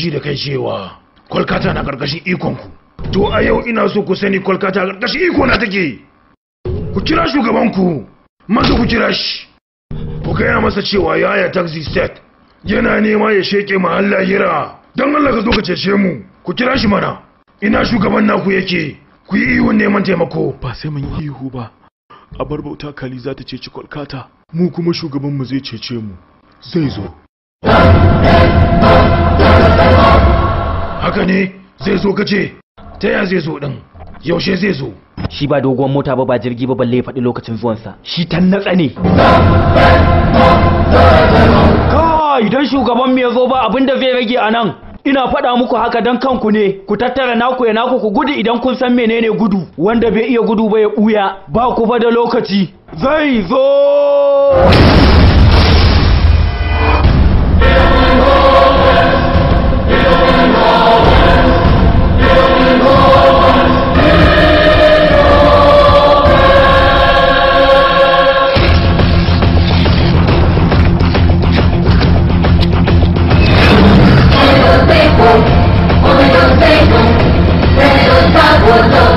ji da kai cewa kolkata na karkashin ikonku to a yau ina so ku sani kolkata karkashin iko na take ku kira shugabanku maza ku kira shi ku gaya masa cewa yaya taxi set yana nema ya sheke mahalla hira don allah ka zo ka cece mu ku kira shi mana ina shugaban naku yake ku yi ihun neman taimako ba sai mun yi ihu ba a bar bauta kali za ta ceci kolkata mu kuma shugabanmu zai cece mu zai zo haka ne zai zo kace ta ya zai zo din yaushe zai zo shi ba doguwar mota ba ba jirgi ba balle ya faɗi lokacin zuwansa shi tan natsa ne kai idan shugaban mu ya zo ba abin da zai rage a nan ina faɗa muku haka don kanku ne ku tattara naku ya naku ku gudu idan kun san menene gudu wanda bai iya gudu ba ya buya ba ku ba da lokaci zai zo What the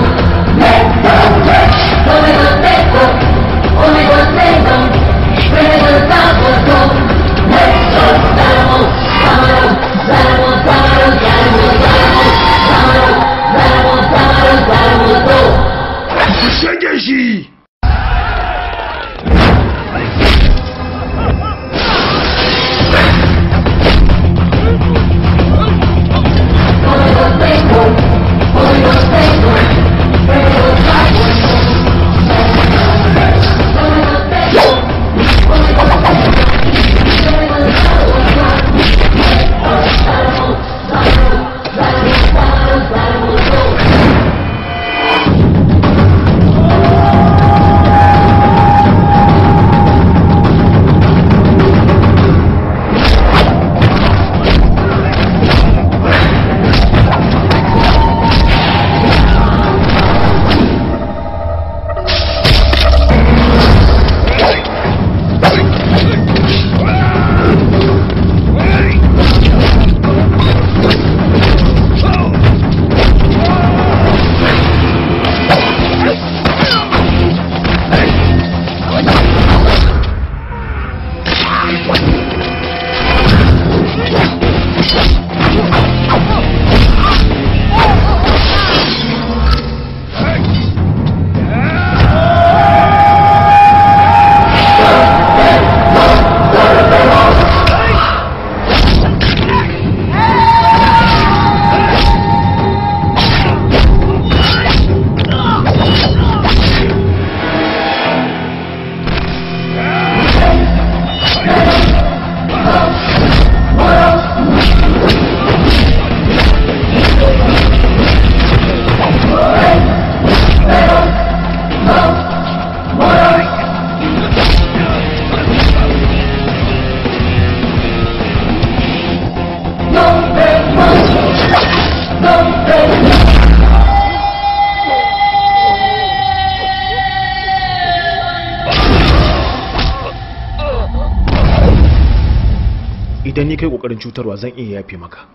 cutarwa zan iya yafe maka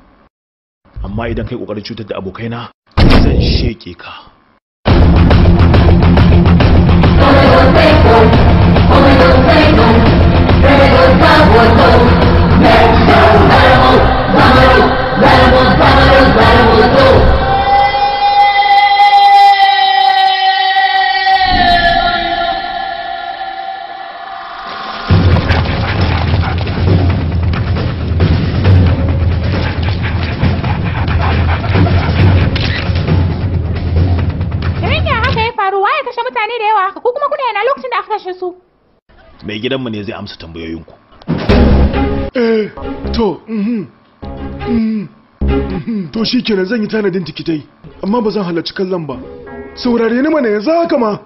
amma idan kai kokarin cutar da abokaina zan sheke ka amsa tambayoyinku eh to mhm, mhm, mhm. to shi kenan zan yi tanadin tikitai amma ba zan halarci kallon ba saurare ni mana yanzu haka ma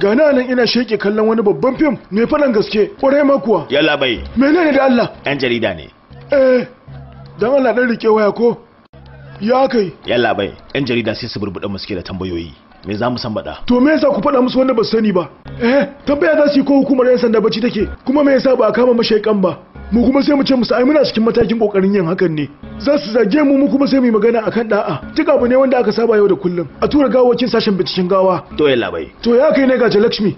gana nan ina sheke kallon wani babban fim mai faɗan gaske kwarai ma kuwa yalla bai menene da Allah ɗan jarida ne eh dan Allah dan rike waya ko ya kai yalla bai ɗan jarida sai su burbuɗa muske da tambayoyi me za mu san bada to me yasa ku faɗa musu wanda ba sani ba eh tambaya za su yi ko hukumar yan sanda bacci take kuma me yasa ba a kama mashaikan ba mu kuma sai mu ce musu ai muna cikin matakin kokarin yin hakan ne za su zage mu mu kuma sai mu yi magana akan da'a duk abu ne wanda aka saba yau da kullum a tura gawo cikin sashen binciken gawa to ya labai to ya kai ne ga lakshmi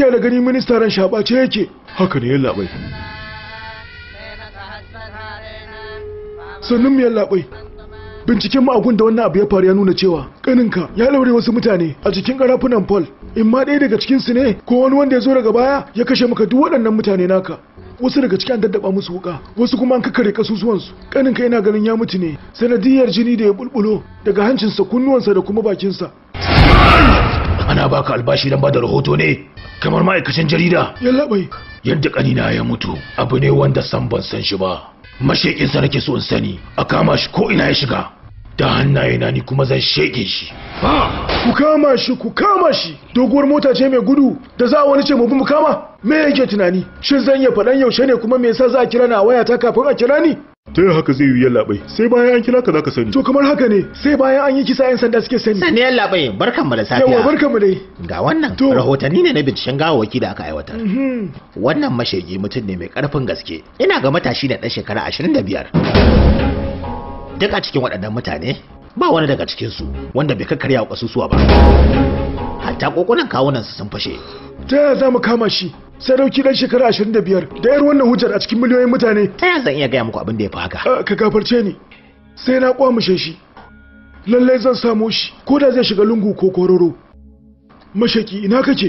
gaskiya da gani minista ran ce yake haka ne yalla bai sannan yalla binciken mu da wannan abu ya faru ya nuna cewa ƙaninka ya laure wasu mutane a cikin karafunan Paul in ma ɗaya daga cikin su ne ko wani wanda ya zo daga baya ya kashe maka duk waɗannan mutane naka wasu daga cikin an daddaba musu wuka wasu kuma an kakkare kasusuwansu kaninka yana ganin ya mutu ne sanadiyar jini da ya bulbulo daga hancinsa kunnuwansa da kuma bakinsa ana baka albashi dan da rahoto ne kamar ma'aikacin jarida yalla bai yadda kanina ya mutu abu ne wanda san ban san shi ba mashekinsa nake so in sani a kama shi ko ina ya shiga da hannaye na ni kuma zan sheke shi ku kama shi ku kama shi doguwar mota ce mai gudu da za wani ce mu bi mu kama me yake tunani shin zan ya faɗan yaushe ne kuma me yasa za a kira na waya ta kafin a kira ni ta yi haka zai yi yallaɓai sai bayan an kira ka za ka sani to kamar haka ne sai bayan an yi kisa yan sanda suke sani sani yallaɓai barkan mu da safiya yawa barkan mu dai ga wannan rahotanni ne na binciken gawawaki da aka aiwatar mhm. wannan mashegi mutum ne mai karfin gaske ina ga matashi da ɗan shekara 25 duk a cikin waɗannan mutane ba wani daga cikinsu wanda bai kakkarya wa ƙasusuwa ba hatta kokunan kawunan su sun fashe ta yaya za mu kama shi sadauki dan shekara 25 da yar wannan hujjar a cikin miliyoyin mutane ta zan iya gaya muku abin da ya fi haka ah, ka gafarce ni sai na kwamishe shi lallai zan samo shi ko da zai shiga lungu ko kororo mashaki ina kake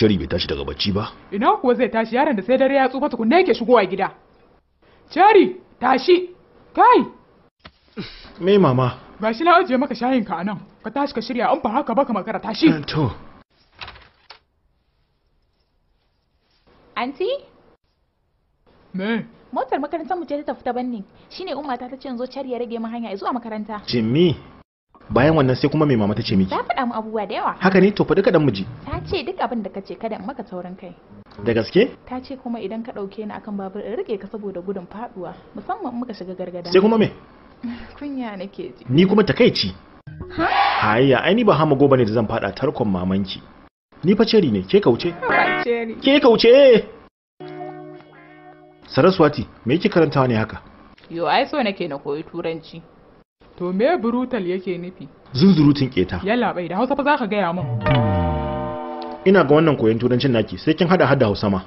Cherry bai tashi daga bacci ba? Ina kuwa zai tashi yaron da sai dare ya tsufa tukunna yake shigowa gida. Cherry, tashi. Kai. Me mama? Ba shi na ajiye maka shayin ka anan. Ka tashi ka shirya in ba haka ba ka tashi. Eh, to. Anti? Me? Motar makarantar mu ce ta tafi ta banni. Shine ummata ta ta ce in zo Cherry ya rage mu hanya zuwa makaranta. Jimmy. bayan wannan sai kuma mai mama ta ce miki ta faɗa mu abubuwa da yawa haka ne to faɗi kaɗan mu ji ta ce duk abin da ka ce kada in maka saurin kai da gaske ta ce kuma idan ka ɗauke ni akan babur in rike ka saboda gudun faɗuwa musamman muka shiga gargada sai kuma me kunya nake ji ni kuma takaici hayya ai ni ba hama goba ne da zan faɗa tarkon mamanki ni fa ceri ne ke kauce ke kauce saraswati me yake karantawa ne haka yo ai so nake na koyi turanci To me brutal yake nufi? Zunzurutun keta. Yalla bai da Hausa fa zaka gaya mun. Ina ga wannan koyon turancin naki sai kin hada hada Hausa ma.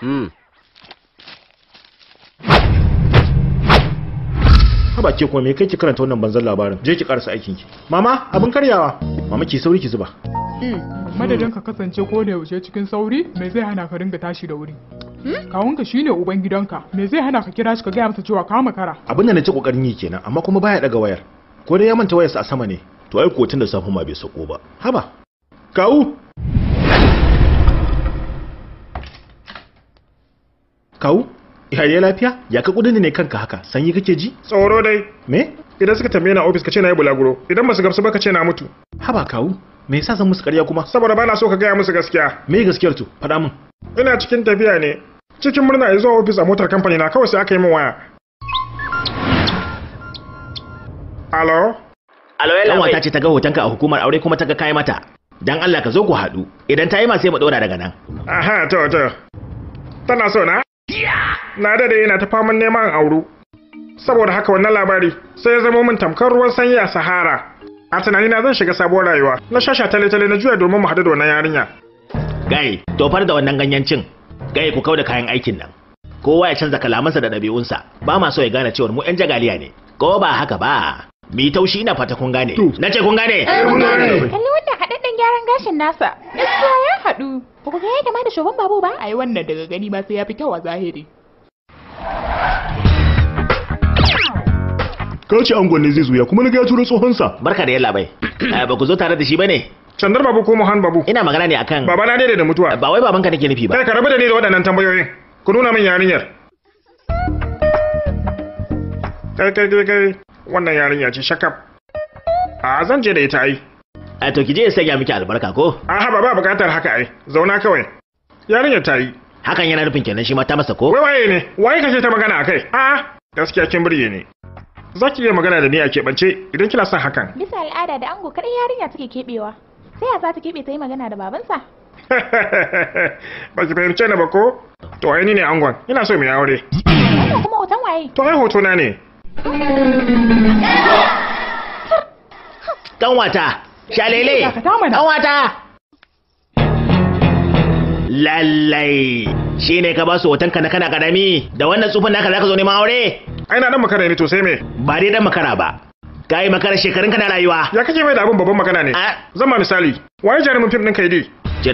Hmm. haba ke kuma me kai ki karanta wannan banzan labarin je ki karasa aikin ki mama abin karyawa mama ki sauri ki zuba eh, madadin ka kasance ko da yaushe cikin sauri me zai hana ka ringa tashi da wuri hmm? kawunka shine uban gidanka me zai hana ka kira shi ka gaya masa cewa ka makara abin da nace kokarin yi kenan amma kuma baya daga wayar ko dai ya manta wayarsa a sama ne to ai ko da safe ma bai sako ba haba kawu kawu yaya lafiya ya ka kudin ne kanka haka sanyi kake ji tsoro dai me idan suka tambaye na ofis ka ce na yi bulaguro idan ba su gamsu ba ka ce na mutu haba kawu me yasa zan musu ƙarya kuma saboda bana so ka gaya musu gaskiya me gaskiyar to faɗa min ina cikin tafiya ne cikin murna ya zuwa ofis a motar kamfani na kawai sai aka yi min waya alo alo yalla ta ce ta ga hotonka a hukumar aure kuma ta ga kai mata dan Allah ka zo ku haɗu idan ta yi ma sai mu ɗora daga nan aha to to tana so na Na dade yana ta faman neman auro. Saboda haka wannan labari sai ya zama min tamkar ruwan sanyi a Sahara. A tunanina zan shiga sabuwar rayuwa. Na shasha tale-tale na juya domin mu haɗu da wannan yarinya. Gai, tofar da wannan ganyancin. Gai ku kau da kayan aikin nan. Kowa ya canza kalamansa da ɗabi'unsa. Ba ma so ya gane cewa mu 'yan jagaliya ne. Ko ba haka ba. Mi taushi ina fata kun gane. Na ce kun gane? Eh kun gane. Kalli gyaran gashin nasa gaskiya ya haɗu ba ku ga ya kama da shoban babu ba ai wannan daga gani ba sai ya fi kyau a zahiri kauce angon ne zai zuya kuma na ga ya turo tsohonsa barka da yalla bai ba ku zo tare da shi bane Chandar Babu ko Mohan Babu ina magana ne akan baba na daidai da mutuwa ba wai babanka nake nufi ba kai ka rabu da ni da waɗannan tambayoyin ku nuna min yarinyar kai kai kai wannan yarinya ce shakaf a zan je da ita ai a to ki je in sanya miki albarka ko a haba ba bukatar haka ai zauna kawai yarinya ta yi hakan yana nufin kenan shi ma ta masa ko wai waye ne waye kace ta magana akai a gaskiya kin burge ne za ki iya magana da ni a keɓance idan kina son hakan bisa al'ada da ango kadan yarinya take keɓewa sai a za ta keɓe ta yi magana da babansa ba ki fahimce ni ba ko to ai ni ne angon ina so mu yi aure kuma hoton waye to ai hoto na ne kanwata Shalele, ɗan wata. Lallai, shi ne ka ba su hotonka na kana ƙarami? da wannan tsufin naka za ka zo neman aure? Ai na dan makara ne to sai me? Ba dai dan makara ba. Ka yi makara shekarunka na rayuwa. Ya kake mai da abin babban makara ne? Zan ma misali, waye jarumin fim ɗin kai dai? Ta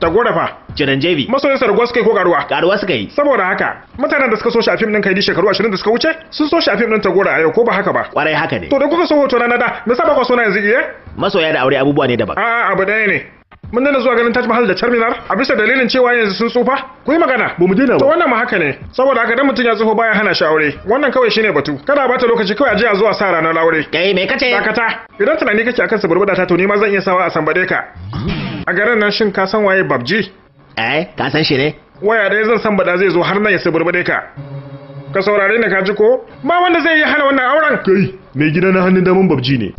Tagora fa. Jiranjevi. Masoyan sa suka yi ko karuwa? Karuwa suka yi. Saboda haka, mutanen da suka so shi a fim din Kaidi shekaru 20 da suka wuce, sun so shi a fim din Tagora a yau ko ba haka ba? Kwarai haka ne. To da kuka so hoto na da, me sa ba ku so na yanzu iye. Eh? Masoya da aure abubuwa ne daban. A'a abu ɗaya ne. mun daina zuwa ganin Taj Mahal da Charminar a bisa dalilin cewa yanzu sun tsufa ku yi magana ba mu daina ba to wannan ma haka ne saboda haka dan mutun ya tsufa baya hana shi aure wannan kawai shine batu kada bata lokaci kawai a je a zuwa sa ranar aure kai me kace dakata idan tunani kake akan suburbada ta to ni ma zan iya sawa a sambade ka a garin nan shin ka san waye babji eh ka san shi ne waya dai zan san bada zai zo har nan ya suburbade ka ka saurare ni ka ji ko ba wanda zai yi hana wannan auren kai mai gida na hannun daman babji ne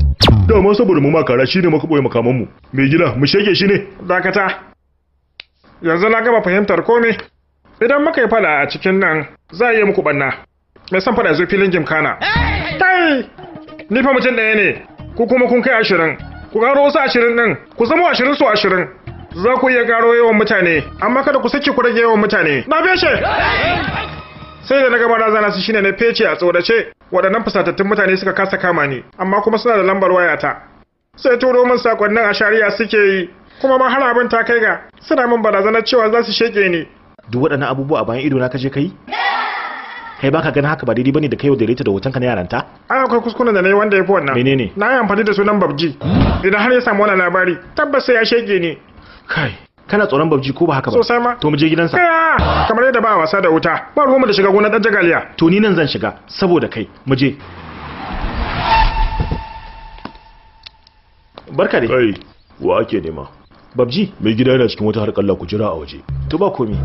dama saboda mu kara shine muka boye makaman mu mai gida mu shege shi ne dakata yanzu na gaba fahimtar ko ne idan muka yi fada a cikin nan za a yi muku banna mai san fada zo filin gimkana kai ni fa mutum ɗaya ne ku kuma kun kai ashirin ku karo wasu ashirin ɗin ku zama ashirin su ashirin za ku iya karo yawan mutane amma kada ku saki ku rage yawan mutane na beshe sai da na ga zana su shine na fece a tsorace waɗannan fusatattun mutane suka kasa kama ni amma kuma suna da lambar wayata sai turo min sakonnin a shari'a suke yi kuma ma har abin ta kai ga suna min barazana cewa za su sheke ni duk waɗannan abubuwa a bayan ido na kaje kai kai baka ganin haka ba daidai bane da kai da daidaita da hotonka na yaranta ai akwai kuskuren da nayi wanda yafi wannan menene na yi amfani da sunan babji idan har ya samu wannan labari tabbas sai ya sheke ni kai kana tsoron babji ko ba haka ba sosai ma to mu je gidansa kamar yadda ba a wasa da wuta ba ruwanmu da shiga gona dan jagaliya to ni nan zan shiga saboda kai mu je barka dai kai wa ake nema babji mai gida yana cikin wata harƙalla ku jira a waje to ba komi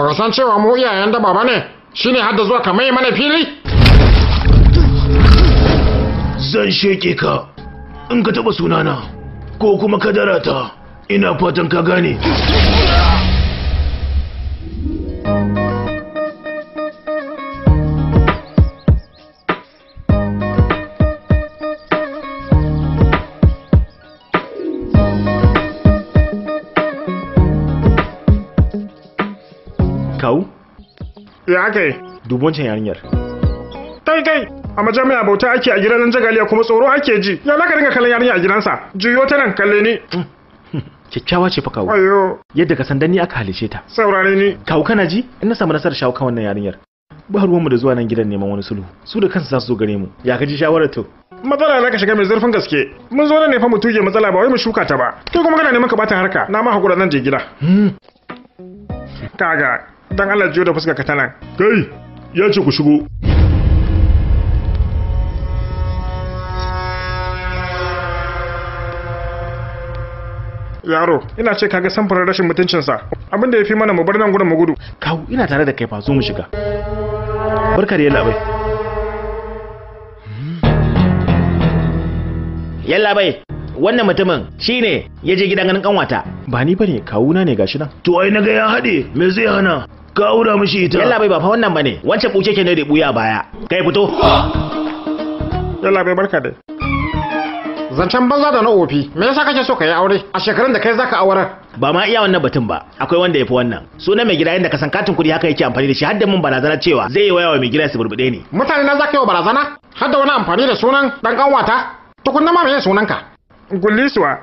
ba ka san cewa mu iyayen daba ba ne shine hadda zuwa ka mai mana fili zan sheke ka in ka taba sunana ko kuma kadarata ina fatan ka gane ya aka yi dubon yarinyar kai kai a majami'a bauta ake a gidan jagaliya kuma tsoro ake ji ya zaka dinga kallon yarinya a gidansa juyo ta nan kalle ni hmm. kyakkyawa ce fa kawo yadda ka sandan ni aka halice ta saurare ni kawo kana ji in na samu nasarar shawo kan wannan yarinyar ba ruwanmu da zuwa nan gidan neman wani sulhu su da kansu za su zo gare mu ya ka ji shawarar to matsala na ka shiga mai zurfin gaske mun zo ne fa mu tuge matsala ba wai mu shuka ta ba kai kuma kana neman ka bata harka na ma hakura nan je gida hmm. kaga dan Allah jiyo da fuskar ka tana kai ya ce ku shigo yaro ina ce kaga samfurin rashin mutuncinsa abinda ya fi mana mu bar nan gudun mu gudu kawo ina tare da kai fa zo mu shiga barka da yalla bai yalla bai wannan mutumin shine ya je gidan ganin kanwata ba ni bane kawuna ne gashi nan to ai naga ya hade me zai hana ka aura mishi ita yalla bai ba fa wannan bane wancan buke ke ne da buya baya kai fito yalla bai barka da zancen banza da na ofi me yasa kake so ka yi aure a shekarun da kai zaka aurar ba ma iya wannan batun ba akwai wanda yafi wannan sunan mai gida inda ka san katin kuɗi haka yake amfani da shi hadda mun barazana cewa zai yi wayawa mai gida su burbude ni mutane na zaka yi wa barazana hadda wani amfani da sunan dan kanwata tukunna ma me sunanka gullisuwa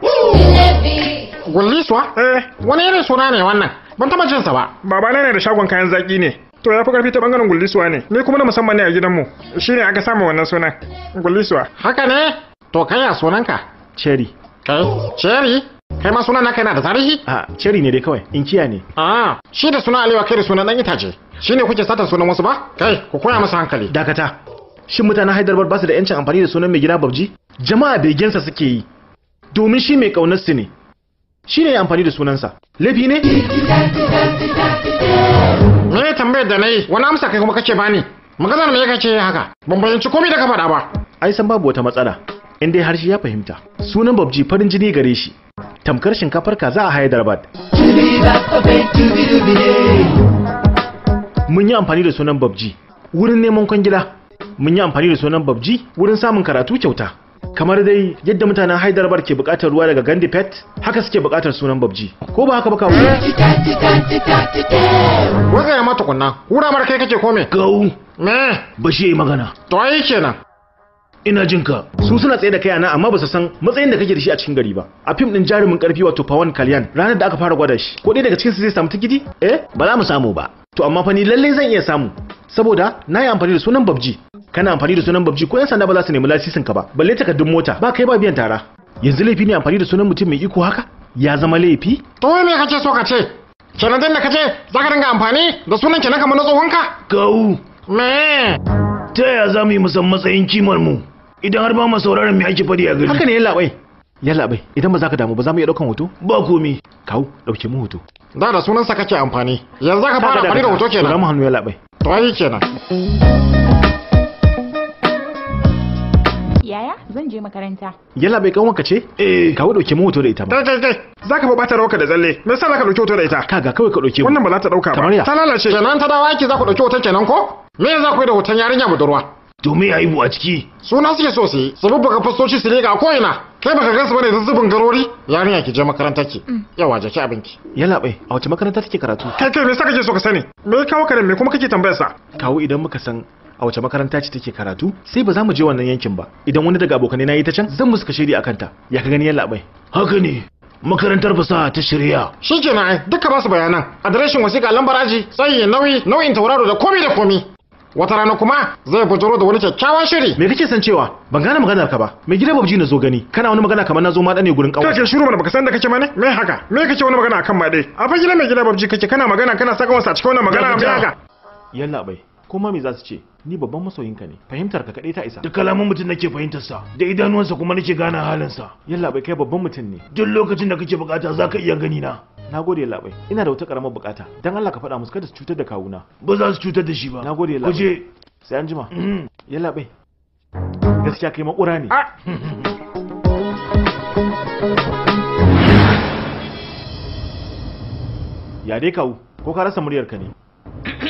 gullisuwa eh wani irin suna ne wannan ban taba jinsa ba baba na da shagon kayan zaki ne to ya fi karfi ta bangaren gullisuwa ne ni kuma na musamman ne a gidanmu shine aka samu wannan sunan gullisuwa haka ne to kai ya sunanka cherry kai cherry kai ma sunan naka yana da tarihi a cherry ne dai kawai inkiya ne a shi da sunan alewa kai da sunan dan itace shine kuke sata sunan wasu ba kai ku koya masa hankali dakata shin mutanen Hyderabad ba su da yancin amfani da sunan mai gida babji jama'a begensa suke yi domin shi mai kaunar su ne shi ne amfani da sunansa laifi ne me tambayar da na yi wani amsa kai kuma kake bani maganar me kake haka ban fahimci komai da ka faɗa ba ai san babu wata matsala in dai harshe ya fahimta sunan babji farin jini gare shi tamkar shinkafar kaza a Hyderabad mun yi amfani da sunan babji wurin neman kwangila mun yi amfani da sunan babji wurin samun karatu kyauta kamar dai yadda mutanen Hyderabad ke buƙatar ruwa daga Gandhi haka suke buƙatar sunan babji ko ba haka ba kawo Wai ya mata kunna hura mar kai kake kome gau me bashi yayi magana to ai kenan ina jin ka su suna tsaye da na. amma ba su san matsayin da kake da shi a cikin gari ba a fim din jarumin karfi wato pawan kalyan ranar da aka fara gwada shi ko ɗaya daga cikin su zai samu tikiti eh ba za mu samu ba to amma fa ni lallai zan iya samu saboda na yi amfani da sunan babji kana amfani da sunan babji ko yan sanda ba za su nemi lasisin ka ba balle takardun mota ba kai ba biyan tara yanzu laifi ne amfani da sunan mutum mai iko haka ya zama laifi to me kake so ka ce kenan dan da kace za ka dinga amfani da sunan kenan kamar na tsohonka gau me ta ya za mu yi musan matsayin kimar mu idan har ba mu sauraron me ake fadi a gari haka ne ya labai ya labai idan ba za ka damu ba za mu iya ɗaukan hoto ba komi kawo ɗauke mu hoto da da sa kake amfani yanzu ka fara amfani da hoto kenan mu hannu ya labai to ai kenan yaya zan je makaranta yalla bai wanka ce eh kawo dauke mu hoto da ita ba kai kai zaka bata rawka da zalle me yasa zaka dauke hoto da ita kaga kawai ka dauke wannan ba za ta dauka ba ta lalace kenan ta dawo aiki za ku dauke hoton kenan ko me za ku yi da hoton yarinya budurwa to me ya ibu a ciki suna suke so su yi su bubbuga fastoci su rega ko ina kai baka gansu bane zuzzubin garori yarinya ki je makaranta ki mm. yawa je ki abinki yalla bai a wace makaranta take karatu kai kai me saka kake so ka sani me kawo ka me kuma kake tambayar sa kawo idan muka san a wace makaranta ce take karatu sai ba za mu je wannan yankin ba idan wani daga abokanai na yi ta can zan musu kashe akan ta ya ka gani yalla bai haka ne makarantar fasaha ta shirya shi kenan ai duka ba su bayanan adireshin wasiƙa lambar aji nauyi nauyin tauraro da komi da komi wata rana kuma zai bujuro da wani kyakkyawan shiri me kake san cewa ban gane maganar ka ba me gida babji na zo gani kana wani magana kamar na zo ma dane gurin kawai kake shiru mana baka san da kake mani, me haka me kake wani magana akan ma dai a fa gida mai gida babji kake kana magana kana saka wasa cikin wannan magana me haka yalla bai kuma me za su ce ni babban ka ne fahimtar ka kadai ta isa da kalaman mutum nake fahimtar sa da idanuwansa kuma nake gane halin sa yalla bai kai babban mutum ne duk lokacin da kake bukata zaka iya gani na na nagode labai ina da wata karamar bukata dan Allah ka faɗa musu kada su cutar da kawuna ba za su cutar da shi ba na gode labai kuje sai an jima mm-hmm. ya labai gaskiya kai makura ne ah! ya dai kawu ko ka rasa muryarka ne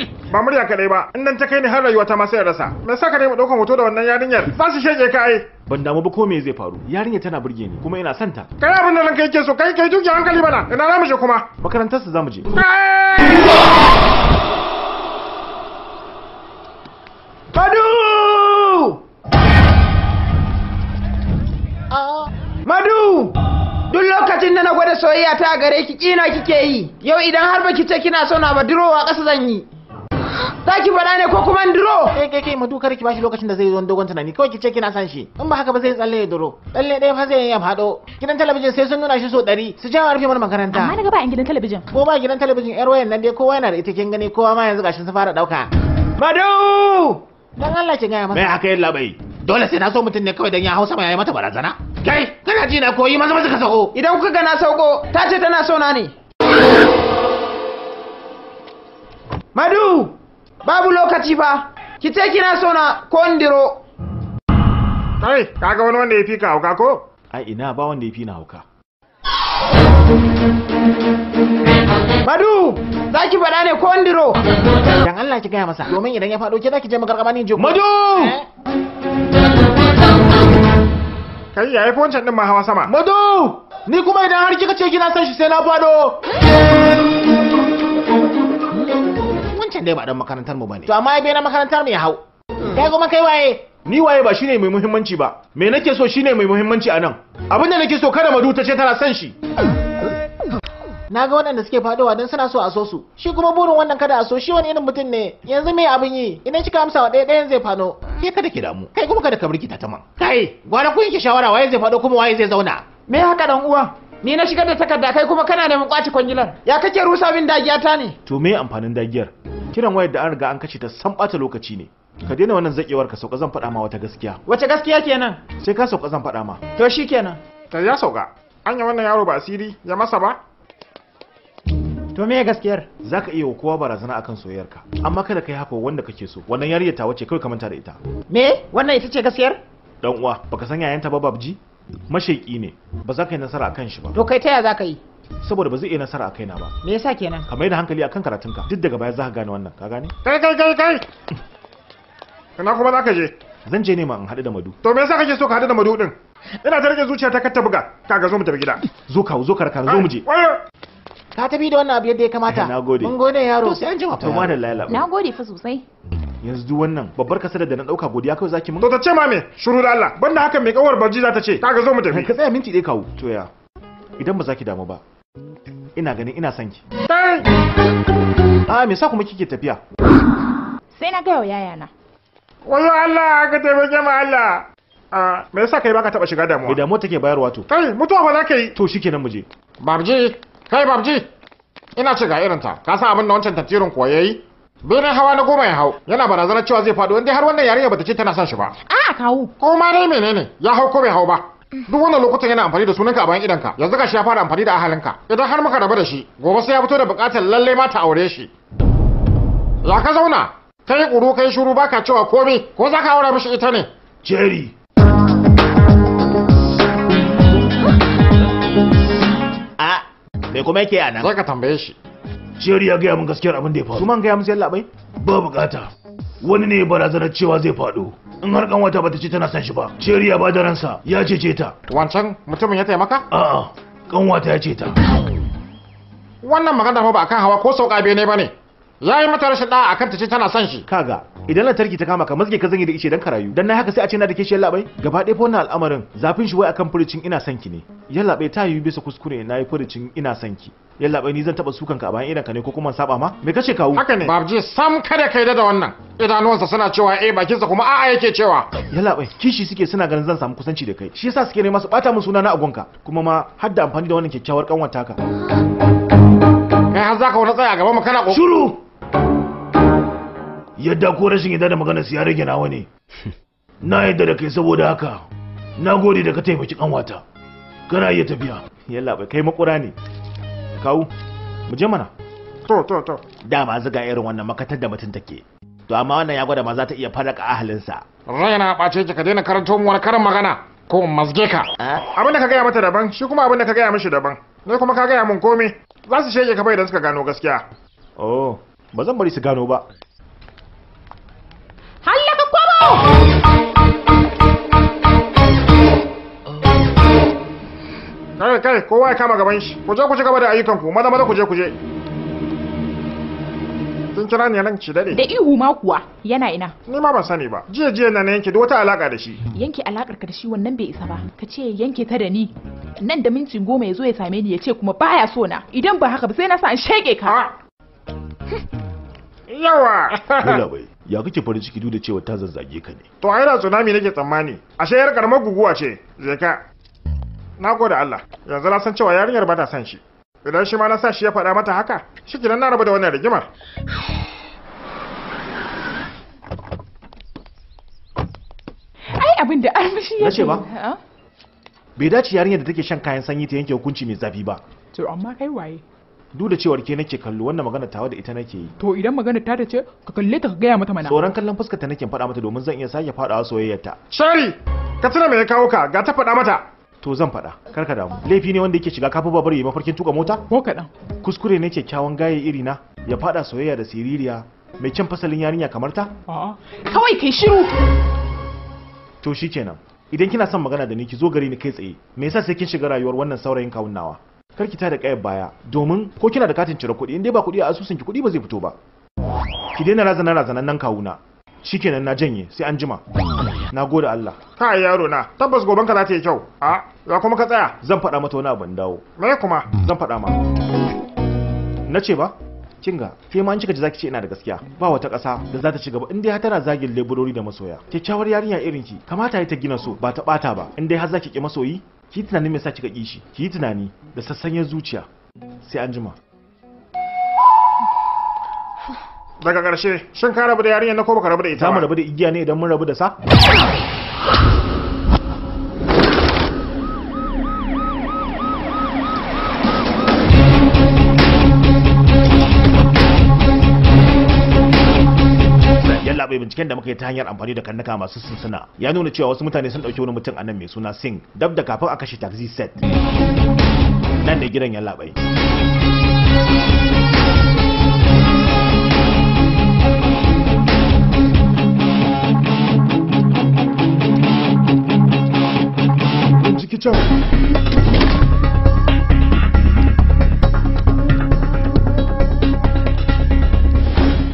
ba murya kadai ba in dan ta kai ni har rayuwa ta ma sai rasa me yasa ka dai mu dauka hoto da wannan yarinyar ba su shege ka ai ban damu ba ko me zai faru yarinya tana burge ni kuma ina son ta kai abin da ranka yake so kai kai ya hankali bana ina za mu je kuma makarantar su za mu je Madu! Ah. Madu! Duk lokacin da na gwada soyayya ta gare ki kina kike yi, yau idan har baki ce kina so na ba durowa ƙasa zan yi. za ki ne ko kuma ndiro. kai eh, kai kai madu kar ki bashi lokacin da zai zo dogon tunani kawai ki ce kina san shi in ba haka ba zai tsalle ya duro tsalle ɗaya fa zai yi hado gidan talabijin sai sun nuna shi so ɗari su jawo rufe mana makaranta amma daga ba gidan talabijin ko ba gidan talabijin yar wayan nan dai kowa yana da ita kin gani kowa ma yanzu gashin sun fara ɗauka madu dan Allah ki gaya masa me haka yin labai dole sai na so mutum ne kawai dan ya hausa ma yayi mata barazana kai kana ji na koyi maza maza ka sako. idan kuka ga na sauko ta ce tana so na ne madu babu lokaci ba? ki ce kina so na kondiro kai kaga wani wanda ya fi ka hauka ko ai ina ba wanda ya fi na hauka Madu, za ki faɗa ne kondiro. Dan Allah ki gaya masa, domin idan ya faɗo ke za ki je magargama ni jiku. Madu! Eh? Kai yi fi wancan ɗin ma hawa sama. Madu! Ni kuma idan har kika ce kina son shi sai na faɗo. wancan dai ba dan makarantar mu bane to amma ya bai na makarantar mu ya hau hmm. kai kuma kai waye ni waye ba shine mai muhimmanci ba me nake so shine mai muhimmanci anan abin da nake so kada madu ta ce tana son shi na ga waɗanda suke fadowa don suna so a so su shi kuma burin wannan kada a so shi wani irin mutum ne yanzu me abin yi idan kika amsa wa ɗaya zai fano ke kada ki damu kai kuma kada ka birkita ta man kai gwara ku yake shawara waye zai fado kuma waye zai zauna me haka dan uwa ni na shigar da takarda kai kuma kana neman kwaci kwangilar ya kake rusa min dagiyata ne to me amfanin dagiyar kiran wayar da an riga an kace ta san bata lokaci ne ka daina wannan zakewar ka sauka zan faɗa ma wata gaskiya wace gaskiya kenan sai ka sauka zan faɗa ma to shikenan ta ya sauka an yi wannan yaro ba asiri ya masa ba to me gaskiyar za ka iya wa kowa barazana akan soyayyarka amma kada kai yi haka wanda kake so wannan yarinya ta wace kai ka manta da ita me wannan ita ce gaskiyar dan uwa baka san yayanta ba babji mashaiki ne ba za ka yi nasara a kan shi ba to kai ta ya za ka yi saboda ba zai iya nasara a kaina ba me yasa kenan ka mai da hankali akan karatunka duk daga baya za ka gane wannan ka gane kai kai kai kai kana kuma za ka je zan je nema in haɗu da madu to me yasa kake so ka haɗu da madu din ina ta rage zuciya ta katta buga kaga zo mu tafi gida zo kawo zo karka zo mu je ka tafi da wannan abu yadda ya kamata mun gode yaro sai an jima to ma da lalaba na gode fa sosai yanzu wannan babbar kasar da na dauka godiya kawai zaki mun to ta ce ma me shuru da Allah banda haka mai kawar barji za ta ce kaga zo mu tafi ka tsaya minti dai kawo to ya idan ba zaki damu ba ina ganin ina son ki a me sa kuma kike tafiya sai na ga yaya na wayo Allah ka taimake mu Allah a me yasa kai baka taba shiga damuwa damuwa take bayarwa to kai mutuwa ba za ka yi to shikenan mu je babji kai babji ina ce ga irinta ka san abin da wancan tattirin kuwa yayi birnin hawa na goma ya hau yana barazanar cewa zai faɗo inda har wannan yarinya bata ce tana son shi ba. A kawo. Ko ma dai menene ya hau ko bai hau ba. Duk wannan lokutan yana amfani da sunanka a bayan idanka yanzu ka shi ya fara amfani da ahalinka idan har muka rabu da shi gobe sai ya fito da buƙatar lalle ma ta aure shi. Ya ka zauna kai kuru kai shuru baka cewa komai ko za ka aura mishi ita ne. Jerry. A me kuma yake a nan? Za ka tambaye shi. Jerry ya gaya min gaskiyar abin da ya faru. Su man gaya musu yalla bai? Ba bukata. Wani ne barazanar cewa zai faɗo. In har kan wata bata ce tana son shi ba. Jerry ya ba da ransa ya cece ta. Wancan mutumin ya taimaka? A'a, kan wata ya ce ta. Wannan magana ba akan hawa ko sauka bene ba ne. Ya yi mata rashin da'a akan ta ce tana son shi. Kaga, idan lantarki ta kama ka mazge ka zanyi da ishe dan karayu dan nayi haka sai a ce na dake shi labai? bai gaba ɗaya wannan al'amarin zafin shi wai akan furucin ina son ki ne yalla bai ta yi bisa kuskure nayi furucin ina san ki yalla bai ni zan taba sukan ka a bayan ka ne ko kuma saba ma me kace kawo haka ne babji sam kada kai da wannan idanuwansa suna cewa eh bakinsa kuma a'a yake cewa yalla bai kishi suke suna ganin zan samu kusanci da kai shi yasa suke ne masu bata min suna na agonka kuma ma har da amfani da wannan kyakkyawar kanwar taka kai har zaka wani tsaya gaba mu kana ko shiru yadda ko rashin yadda da maganar su ya rage nawa ne na yadda da kai saboda haka na gode da ka taimaki kanwata kana iya tafiya yalla bai kai makura ne kawo mu je mana to to to dama zuga irin wannan makatar da mutum take to amma wannan ya gwada ma za ta iya faraka ahalinsa raina ɓace ki ka daina karanto mu wani karin magana ko mazge ka ah? abin da ka gaya mata daban shi kuma abin da ka gaya mishi daban ne kuma ka gaya mun komai za su shege kafai idan suka gano gaskiya oh ba zan bari su gano ba hallaka kwabo kai kai kowa ya kama gaban shi ku je ku ci gaba da ayyukan ku, maza maza ku je ku je kira ni nan ci dade da ihu ma kuwa yana ina ni ma ban sani ba jiya jiya na yanke da wata alaka da shi yanke alakar ka da shi wannan bai isa ba ka ce yanke ta da ni nan da minti goma ya zo ya same ni ya ce kuma baya so na idan ba haka ba sai na sa an shege ka ah! yawa bai, ya kake farin ciki duk da cewa ta zazzage ka ne to ai da tsunami nake tsammani ashe yar karamar guguwa ce je na gode Allah yanzu na san cewa yarinyar ba ta san shi idan shi ma na sa shi ya faɗa mata haka shi kinan na rabu da wannan rigimar ai abin da armishi ya ce ba bai dace yarinyar da take shan kayan sanyi ta yanke hukunci mai zafi ba to amma kai waye duk da cewar ke nake kallo wannan magana tawa da ita nake yi to idan magana ta ce ka kalle ta ka gaya mata mana tsoron kallon fuskar ta nake faɗa mata domin zan iya sake faɗawa soyayyarta shari ka tuna me ya kawo ka ga ta faɗa mata to zan faɗa kar ka damu laifi ne wanda yake shiga kafin babar yayi mafarkin tuka mota ko kaɗan kuskure ne kyakkyawan gaye iri na ya faɗa soyayya da siririya mai kyan fasalin yarinya kamar ta kawai kai shiru to shikenan idan kina son magana da ni ki zo gari ni kai tsaye me yasa sai kin shiga rayuwar wannan saurayin kawun nawa kar ki da kayar baya domin ko kina da katin cire kuɗi in dai ba kuɗi a asusun ki kuɗi ba zai fito ba ki daina razana razanan nan kawuna shikenan na janye sai an jima na gode Allah ka yaro na tabbas goban ka za yi kyau a ya kuma ka tsaya zan faɗa mata wani abin dawo me kuma zan faɗa ma na ce ba kinga ke ma an cika ji zaki ce ina da gaskiya ba wata ƙasa da za ta ci gaba in dai har tana zagin leburori da masoya kyakkyawar yarinya irin ki kamata ta gina so ba ta bata ba in dai har zaki ki masoyi ki tunani me yasa kika kishi ki tunani da sassanyar zuciya sai an jima daga ƙarshe shin ka rabu da yarinya na ko baka rabu da ita ba mu rabu da igiya ne idan mun rabu da sa bai binciken da muka yi ta hanyar amfani da karnuka masu sunsuna ya nuna cewa wasu mutane sun ɗauki wani mutum a nan mai suna singh dab da kafin a kashe taxi set nan da gidan ya labai tchau.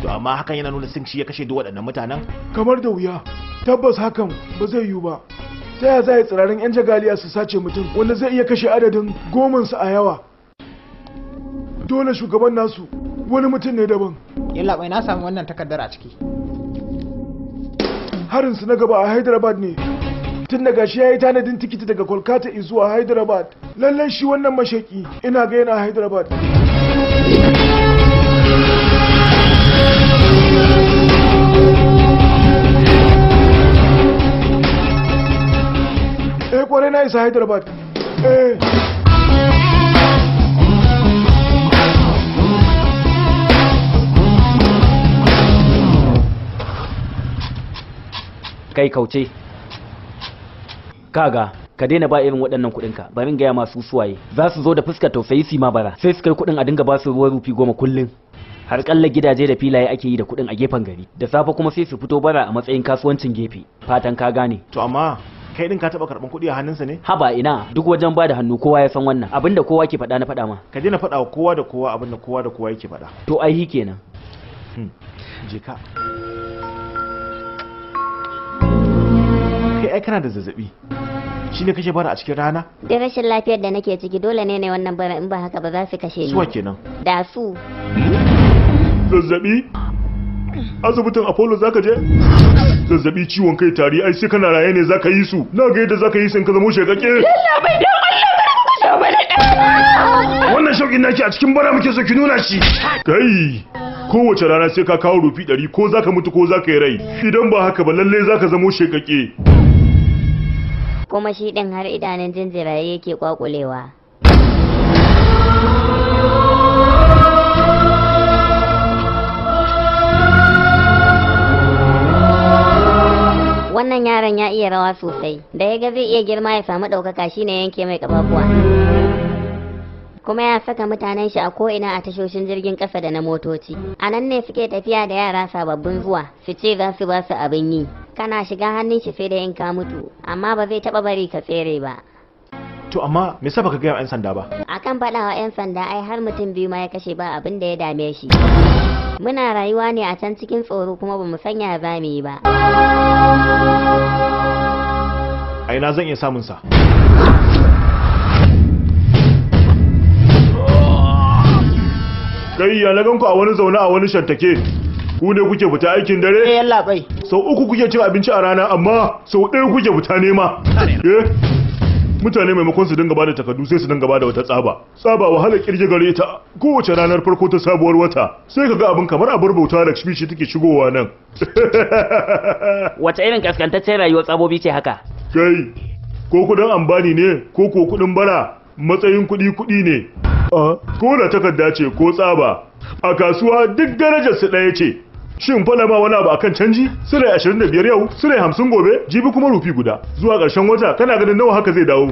to amma hakan yana nuna sun shi ya kashe duk waɗannan mutanen kamar da wuya tabbas hakan ba zai yiwu ba ta ya za a yi tsirarin 'yan jagaliya su sace mutum wanda zai iya kashe adadin gomansu a yawa dole shugaban nasu wani mutum ne daban yalla bai na samu wannan takardar a ciki harinsu na gaba a hyderabad ne tun daga shi ya yi tanadin tikiti daga kolkata zuwa hyderabad lallai shi wannan mashaki ina ga yana hyderabad eh kwarai na isa hyderabad eh kai kauce kaga ka daina ba irin waɗannan kuɗin ka bari gaya masu suwaye za su zo da fuskar tausayi su ma bara sai su kai kuɗin a dinga ba su ruwan rufi goma kullum har kalla gidaje da filaye ake yi da kuɗin a gefen gari da safe kuma sai su fito bara a matsayin kasuwancin gefe fatan ka gane to amma kai din ka taba karban kuɗi a hannunsa ne haba ina duk wajen ba da hannu kowa ya san wannan abinda kowa ke faɗa na faɗa ma ka daina faɗa kowa da kowa abinda kowa da kowa yake faɗa to ai kenan hmm. je ka kai ai kana da zazzabi shi ne kake bara a cikin rana da rashin lafiyar da nake ciki dole ne ne wannan bara in ba haka ba za su kashe ni suwa kenan da su zazzabi asibitin apollo zaka je zazzabi ciwon kai tari ai sai kana raye ne zaka yi su na ga yadda zaka yi sun ka zamo shekake lalla bai dan wannan shauƙin naki a cikin bara muke so ki nuna shi kai kowace rana sai ka kawo rufi ɗari ko zaka mutu ko zaka yi rai idan ba haka ba za zaka zamo shekake kuma shi ɗin har idanun jinjiraye yake kwakulewa wannan yaron ya iya rawa sosai da ya ga zai iya girma ya samu ɗaukaka shi ne yanke mai ƙafafuwa kuma ya saka mutanen shi a ko'ina a tashoshin jirgin kasa da na motoci a nan ne suke tafiya da yara sababbin zuwa su ce za su ba su abin yi kana shiga hannun shi sai da in ka mutu amma ba zai taba bari ka tsere ba to amma me yasa baka gaya 'yan sanda ba akan faɗawa 'yan sanda ai har mutum biyu ma ya kashe ba abin da ya dame shi muna rayuwa ne a can cikin tsoro kuma bamu sanya za mu yi ba a ina zan iya samun sa kai ya na ku a wani zaune a wani shantake ku ne kuke fita aikin dare eh yalla bai sau uku kuke cin abinci a rana amma sau ɗaya kuke fita nema eh? mutane maimakon su dinga bada takardu sai su dinga bada wata tsaba tsaba wahala kirge gare ta kowace ranar farko ta sabuwar wata sai kaga abin kamar a bauta da shi take shigowa nan wace irin kaskantaccen rayuwar tsabobi ce haka kai ko kudin ambani ne ko ko kudin bara matsayin kuɗi kuɗi ne ko da takarda ce ko tsaba a kasuwa duk darajar su ɗaya ce shin fada ma wani abu akan canji sirai 25 yau sirai 50 gobe jibi kuma rufi guda zuwa ƙarshen wata kana ganin nawa haka zai dawo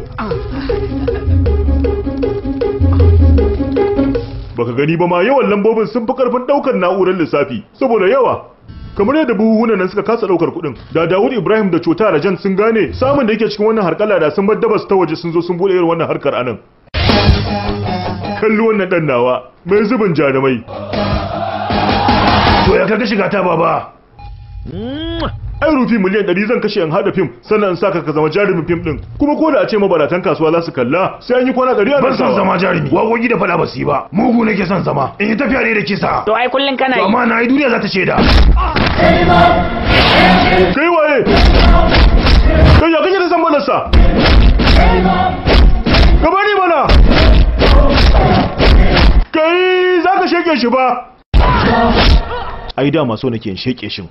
baka gani ba ma yawan lambobin sun fi karfin ɗaukar na'urar lissafi saboda yawa kamar yadda buhuhunan nan suka kasa daukar kuɗin da Dawud Ibrahim da Cota Rajan sun gane samun da yake cikin wannan harkala da sun bar dabas ta waje sun zo sun bude irin wannan harkar anan kallo wannan dan nawa mai zubin jarumai to ya kaga shiga ta baba mm. ai rufi miliyan 100 zan kashe in hada fim sannan in saka ka zama jarumin fim din kuma ko da a ce mabaratan kasuwa za su kalla sai an yi kwana 100 ana ban san zama jarumi wagogi da fada ba su yi ba mugu nake son zama in yi tafiya ne da kisa to ai kullun kana yi amma na yi duniya za ta ce da kai waye kai ya kake da san manasa ka bani mana kai za ka sheke shi ba ai dama so nake in sheke shin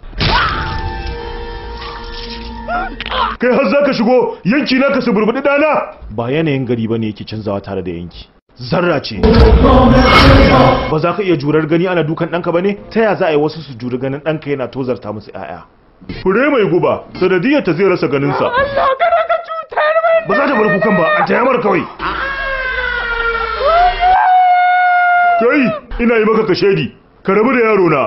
kai har zaka shigo yanki na ka burbuɗi dana ba yanayin gari bane yake canzawa tare da yanki zarra ce ba za ka iya jurar gani ana dukan ɗanka ba ne ta ya za a yi wasu su juri ganin ɗanka yana tozarta musu 'ya'ya fure mai guba sanadiyar ta zai rasa ganinsa ba za ta bar kukan ba an taya mara kawai kai ina yi maka kashedi ka rabu da yaro na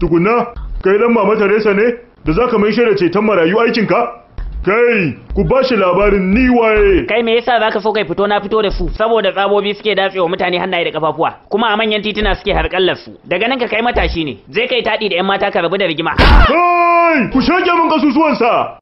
tukunna kai dan mama Teresa ne da za ka mai shaida ceton marayu aikinka kai ku ba shi labarin ni waye kai me yasa zaka so kai fito na fito da su saboda tsabobi suke datsewa mutane hannaye da kafafuwa kuma a manyan tituna suke harƙallar su daga nan ka kai matashi ne zai kai tadi da yan mata ka rabu da rigima kai ku shake min kasusuwansa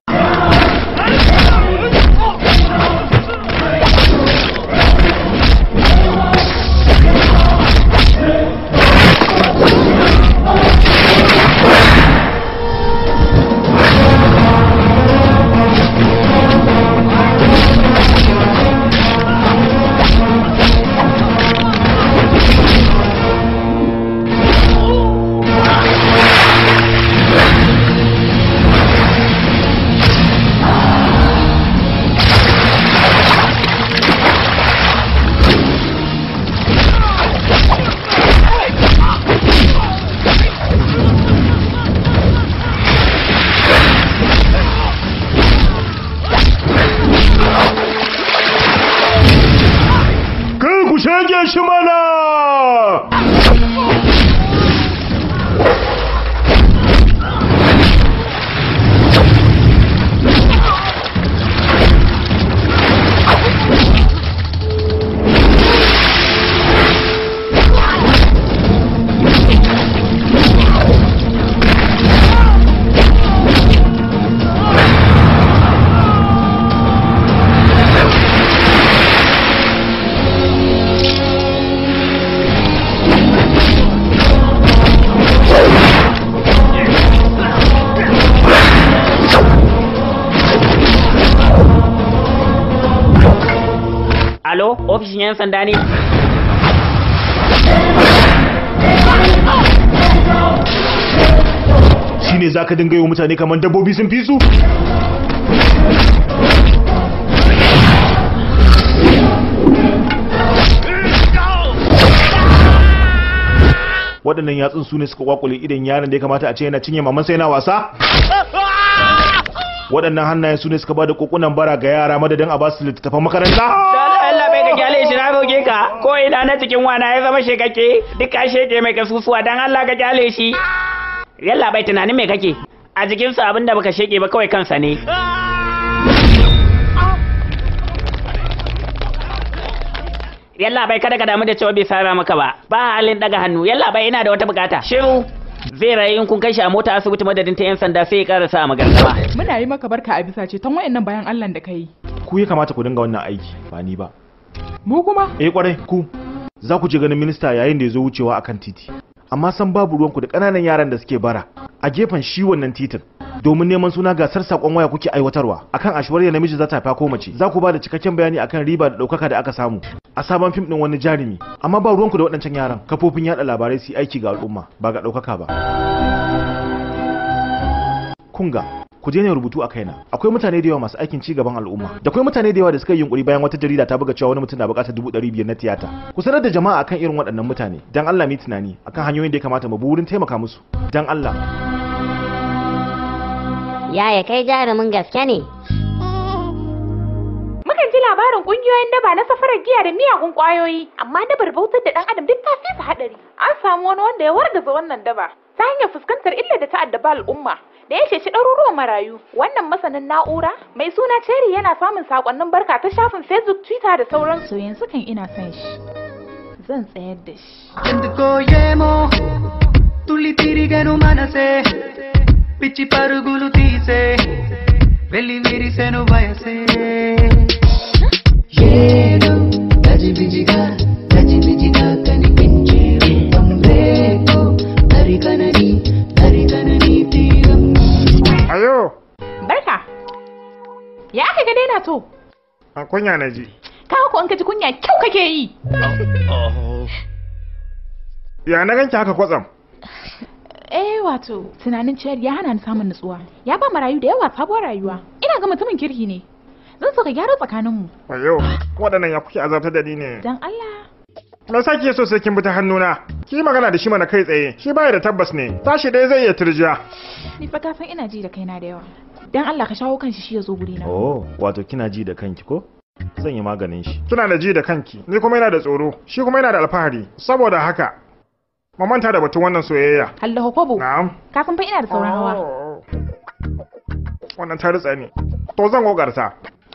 'yan sanda ne za ka dinga yi wa mutane kamar dabbobi sun fi su waɗannan yatsun su ne suka kwakwale idan yaron da ya kamata a ce yana cinye mamansa yana wasa waɗannan hannayen su ne suka ba da kokunan bara ga yara madadin a ba su littattafan makaranta ka alai shi na sauke ka ko ina na cikin wana ya zama shekake duk ka sheke mai kasusuwa dan Allah ka alai shi yalla bai tunanin me kake a jikin sa abinda baka sheke ba kawai kansa ne yalla bai kada ka damu da cewa bai sara maka ba ba halin daga hannu yalla bai ina da wata bukata shiru zai rayu in kun kai shi a mota asibiti madadin ta 'yan sanda sai ya karasa a magargaba. Muna yi maka barka a bisa ce tan wayannan bayan Allah da kai. Ku ya kamata ku dinga wannan aiki ba ni ba. mu kuma eh kwarai ku za ku je ganin minista yayin da ya zo wucewa akan titi amma san babu ruwanku da kananan yaran da suke bara a gefen shi wannan titin domin neman suna gasar sakon waya kuke aiwatarwa akan ashwarya namiji za ta haifa ko mace za ku ba da cikakken bayani akan riba da ɗaukaka da aka samu a sabon fim ɗin wani jarumi amma ba ruwanku da waɗancan yaran kafofin yaɗa labarai su aiki ga al'umma ba ga ɗaukaka ba kunga ku je ne rubutu a kaina akwai mutane da yawa masu aikin ci gaban al'umma da akwai mutane da yawa da suka yi yunkuri bayan wata jarida ta buga cewa wani mutum na bukatar dubu ɗari biyar na tiyata ku sanar da jama'a akan irin waɗannan mutane dan Allah mu yi tunani akan hanyoyin da ya kamata mu bi wurin taimaka musu dan Allah yaya kai jarumin gaske ne Mukan ji labarin kungiyoyin daba na safarar giya da miyagun kwayoyi, amma dabar bautar da dan adam duk ta fi haɗari. An samu wani wanda ya wargaza wannan daba ta hanyar fuskantar illa da ta addaba al'umma. da ya ceci ɗaruruwan marayu wannan masanin na'ura mai suna Cheri yana samun saƙonnin barka ta shafin facebook twitter da sauran so yanzu kan ina sa shi zan tsayar da shi tuli tiri ganu manase pichi parugulu tise veli viri senu bayase yedo daji biji ga daji biji ga kani pinche rupam veko tari kanani Ayo. Barka. Ya aka ga daina to? A kunya na ji. kawo ko an ka kunya kyau kake yi. Ya na ganki haka kwatsam. Eh wato tunanin ciyar ya hana ni samun nutsuwa. Ya ba rayu da yawa sabuwar rayuwa. Ina ga mutumin kirki ne. Zan so ka gyara tsakaninmu. Ayo, waɗannan ya kuke azabtar da ni ne. Dan Allah, na yasa kike so sai kin bi ta hannuna ki magana da shi mana kai tsaye shi baya da tabbas ne tashi dai zai iya turjiya ni fa kafin ina ji da kaina da yawa dan Allah ka shawo kanshi shi ya zo guri oh wato kina ji da kanki ko zan yi maganin shi kina da ji da kanki ni kuma ina da tsoro shi kuma ina da alfahari saboda haka mu manta da batun wannan soyayya Allah bu na'am kafin fa ina da tsoron hawa wannan ta ne to zan gogarta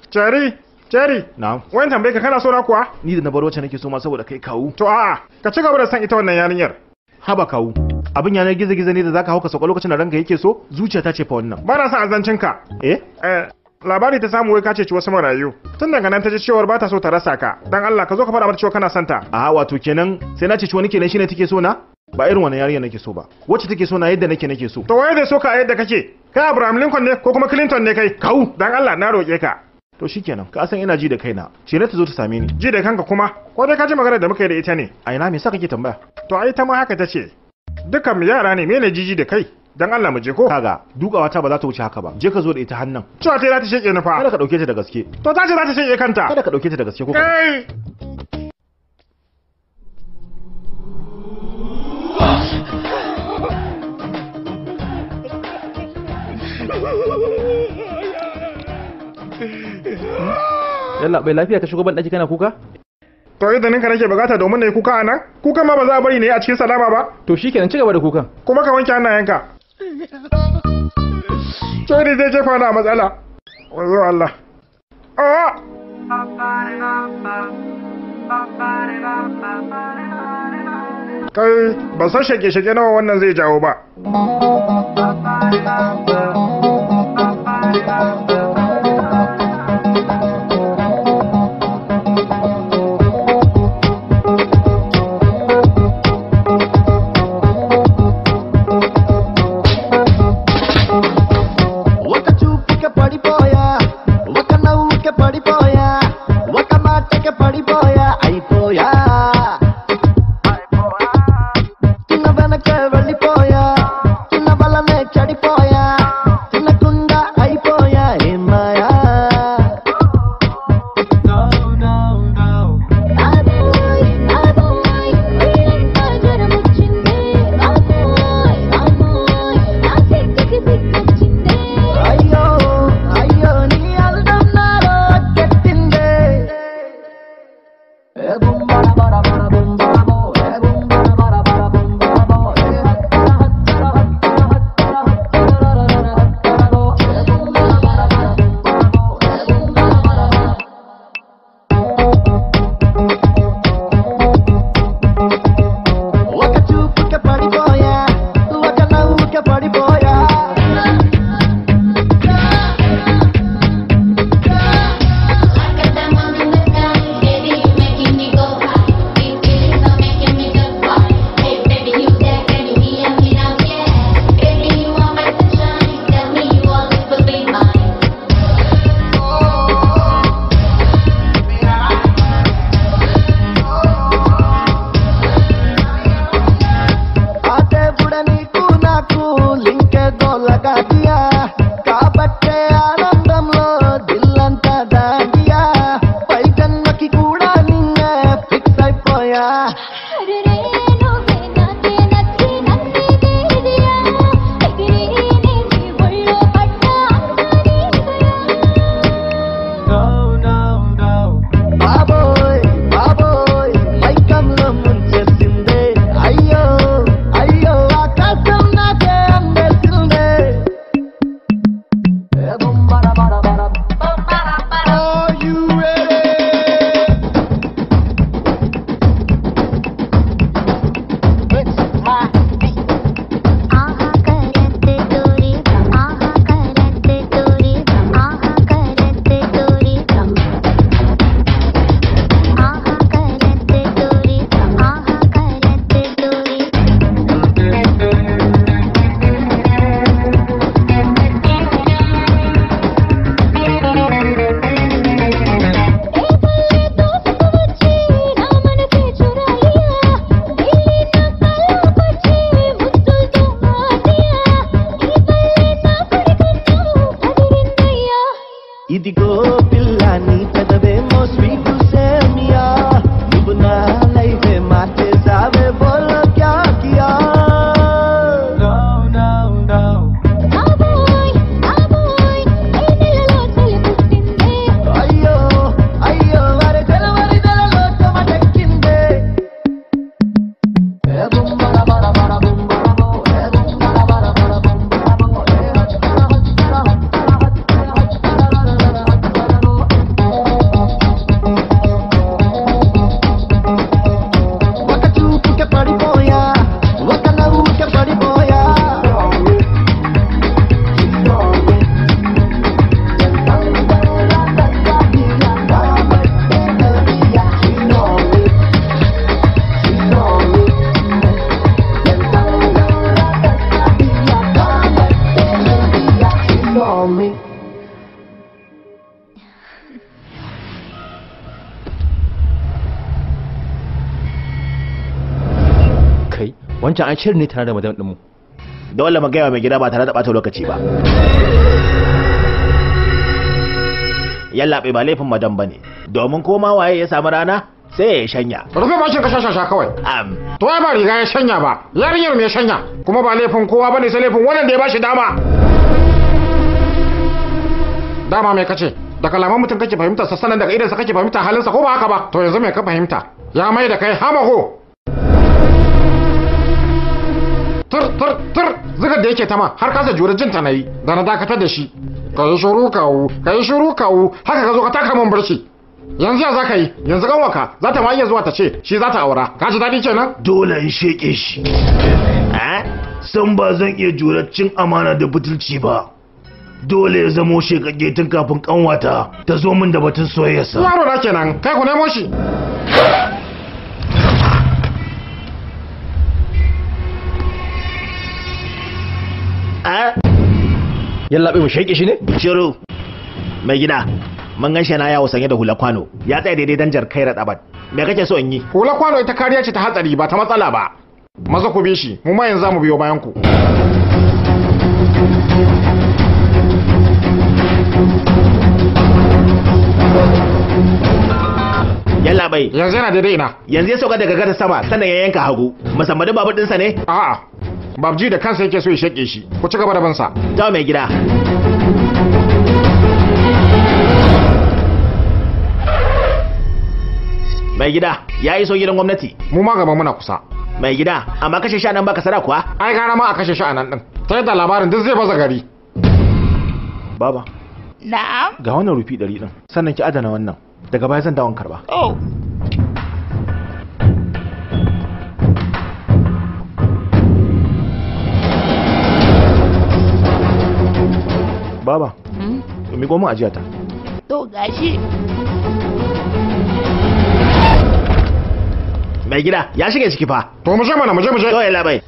cari Cherry. Na'am. Wani tambaye ka kana so na kuwa? Ni da na bar wacce nake so ma saboda kai kawu. To a'a, ka ci gaba da san ita wannan yarinyar. Haba kawu. Abin yanar gizo-gizo ne da zaka hauka sauka lokacin da ranka yake so, zuciyata ce fa wannan. Ba na son azancin ka. Eh? Eh, labari ta samu wai ka ce wasu marayu tun daga nan ta ji cewa ba ta so ta rasa ka dan Allah ka zo ka fara mata cewa kana son ta a wato kenan sai na ce ciwo nake ne shine take so na ba irin wannan yarinya nake so ba wacce take so na yadda nake nake so to waye zai so ka a yadda kake kai Abraham Lincoln ne ko kuma Clinton ne kai Kawu, dan Allah na roke ka to shikenan ka san ina ji da kaina ne ta zo ta same ni ji da kanka kuma ko dai ka ji magana da muka yi da ita ne a ina me sa kake tambaya to ai ta ma haka ta ce dukan mu yara ne me ne jiji da kai dan Allah mu je ko kaga dukawa ta ba za ta wuce haka ba je ka zo da ita hannan cewa ta za ta sheke ni fa kada ka dauke ta da gaske to ta ce za ta sheke kanta kada ka dauke ta da gaske ko Oh, yalla bai lafiya ka shigo ban daki kana kuka to idan ka nake bukata domin na yi kuka anan kuka ma ba za a bari ne a cikin salama ba to shikenan ci gaba da kukan kuma ka wanke hannayenka Chori zai jefa na matsala. Wanzu Allah. Ah! Kai, ba san shake-shake nawa wannan zai jawo ba. படி wancan an shirin ne tare da madam ɗinmu dole mu gaya mai gida ba tare da bata lokaci ba yallaɓe ba laifin madam ba ne domin koma waye ya samu rana sai ya shanya rufe bashin ka shashasha kawai am to ba riga ya shanya ba yarinyar mai shanya kuma ba laifin kowa bane sai laifin wannan da ya bashi dama dama mai kace da kalaman mutum kake fahimta sassanan daga idan sa kake fahimta halin sa ko ba haka ba to yanzu mai ka fahimta ya mai da kai hamaho tur tur tur zigar da yake ta ma har kasa jure jinta na yi da na dakatar da shi ka yi shuru kawo ka yi shuru kawo haka ka zo ka taka min barci yanzu ya za yi yanzu kan za ta ma iya zuwa ta ce shi za ta aura ka ji daɗi kenan dole in sheke shi san ba zan iya jure cin amana da butulci ba dole ya zamo shekake tun kafin kanwata ta zo min da batun sa yaro na kenan kai ku nemo shi a yallaɓe mu shaƙe shi ne shiru mai gida mun gan shi na yawo sanye da hula kwano ya tsaya daidai jar kai raɗabat me kake so in yi hula kwano ita kariya ce ta hatsari ba ta matsala ba maza ku bi shi mu ma yanzu za mu biyo bayan ku yalla yanzu yana daidai ina yanzu ya sauka daga gata sama sannan ya yanka hagu musamman babur dinsa ne a'a babji da kansa yake so ya shake shi ku ci gaba da bansa ta mai gida mai gida ya iso gidan gwamnati mu ma gaba muna kusa mai gida amma kashe shi nan baka sada kuwa ai gara ma a kashe shi nan din ta yadda labarin duk zai baza gari baba na'am ga wannan rufi 100 din sannan ki adana wannan daga baya zan dawon karba oh baba to hmm? mi goma ajiya ta to gashi mai gida ya shiga ciki fa to mu je mana mu je mu je to ya labai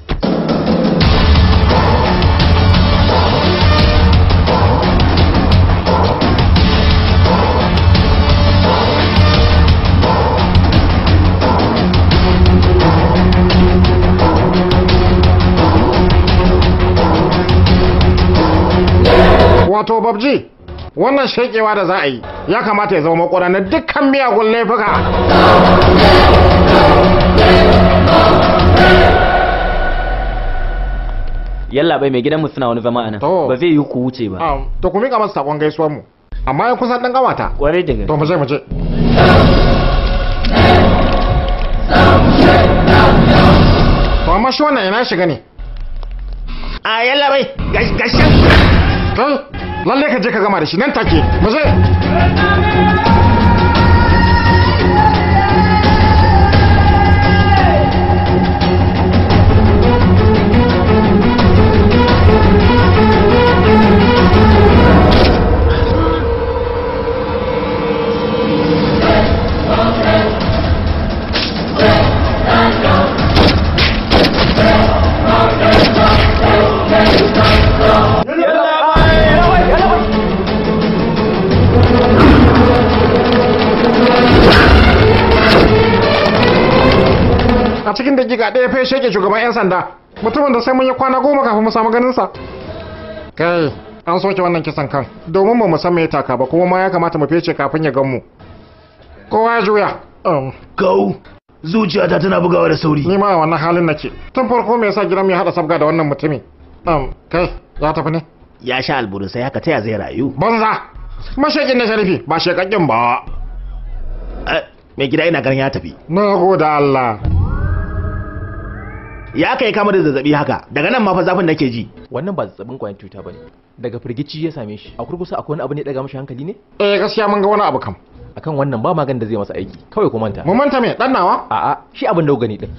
wato babji wannan shekewa da za a yi ya kamata ya zama makwara na dukkan miyagun laifuka yalla bai mai gidanmu suna wani zama anan ba zai yi ku wuce ba ah, to kuma mika masa sakon gaisuwar mu amma ya kusa dan gawata kwarai da gaske to mu je mu je to amma shi wannan ina shiga ne a yalla bai gashin ka je ka gama da shi nan take ba zai a cikin dakika ɗaya fai sheke shugaban 'yan sanda mutumin da sai mun yi kwana goma kafin mu samu ganin sa kai an soke wannan kisan kan domin mu musamman ya taka ba kuma ma ya kamata mu fece kafin ya gan mu kowa juya um kau zuciyata tana bugawa da sauri ni ma a wannan halin nake tun farko me yasa gidan mu ya hada sabga da wannan mutumin kai ya tafi ne ya sha alburin sai haka taya zai rayu banza mashakin na sharifi ba shekakken ba eh, mai gida ina ganin ya tafi na goda Allah ya aka yi kama da zazzabi haka daga nan ma fa zafin nake ji wannan ba zazzabin kwayan cuta bane daga firgici ya same shi a kurkusa akwai wani abu ne daga mashi hankali ne eh gaskiya mun ga wani abu kam akan wannan ba magan da zai masa aiki kawai ku manta mu manta me dan nawa a'a shi abin da gani din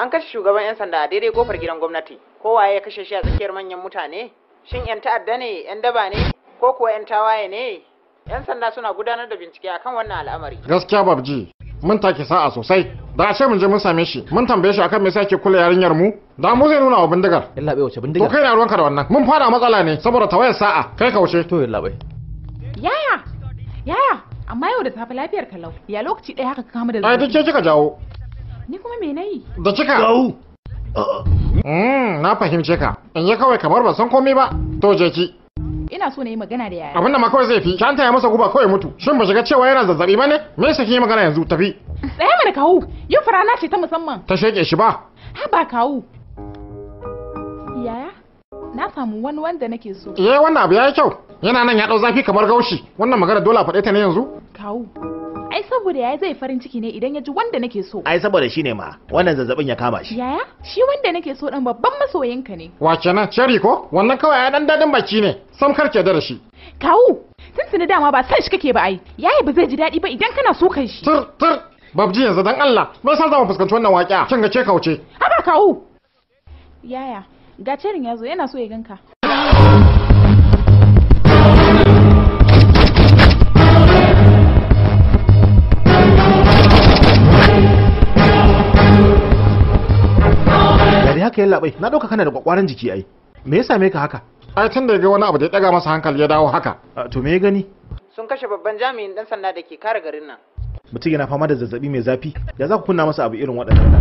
an kashe shugaban yan sanda a daidai kofar gidan gwamnati kowa ya kashe shi a tsakiyar manyan mutane shin yan ta'adda ne yan daba ne ko kuwa yan tawaye ne yan sanda suna gudanar da bincike akan wannan al'amari gaskiya babji mun take sa'a sosai da a ce mun je mun same shi mun tambaye shi akan me yasa ke kula yarinyar mu da mu zai nuna wa bindigar yalla bai wace bindigar to kai na ruwanka da wannan mun fara matsala ne saboda tawayar sa'a kai kaushe to yalla bai yaya yaya amma yau da safe lafiyar kalau ya lokaci ɗaya haka kama da ai duke kika jawo ni kuma me nayi da kika jawo mm, na fahimce ka in je kawai kamar ban san komai ba to je ki ina so na yi magana da yaya abinda ma kawai zai fi shanta ya masa guba kawai mutu shin ba shiga cewa yana zazzabi bane me yasa kike magana yanzu tafi tsaya mana kawu yin farana ce ta musamman ta sheke shi ba ha ba kawu yaya na samu wani wanda nake so eh wannan abu yayi kyau yana nan ya dau zafi kamar gaushi wannan magana dole a faɗe ta ne yanzu kawu ai saboda yaya zai farin ciki ne idan ya ji wanda nake so ai saboda shi ne ma wannan zazzabin ya kama shi yaya shi wanda nake so dan babban masoyinka ne wa kenan cherry ko wannan kawai ya dan dadin baki ne sam karke da shi kawu tuntuni dama ba san shi kake ba ai yaya ba zai ji daɗi ba idan kana so kan shi tur tur babji yanzu dan Allah me yasa zama fuskanci wannan waƙiya kin ga ce kauce haba kawu yaya ga cerin yazo yana so ya ganka haka yalla bai na dauka kana da kwakwaran jiki ai me ya same ka haka ai tun da ya ga wani abu da ya daga masa hankali ya dawo haka to me ya gani sun kashe babban jami'in dan sanda da ke kare garin nan mutum yana fama da zazzabi mai zafi da za ku kunna masa abu irin waɗannan na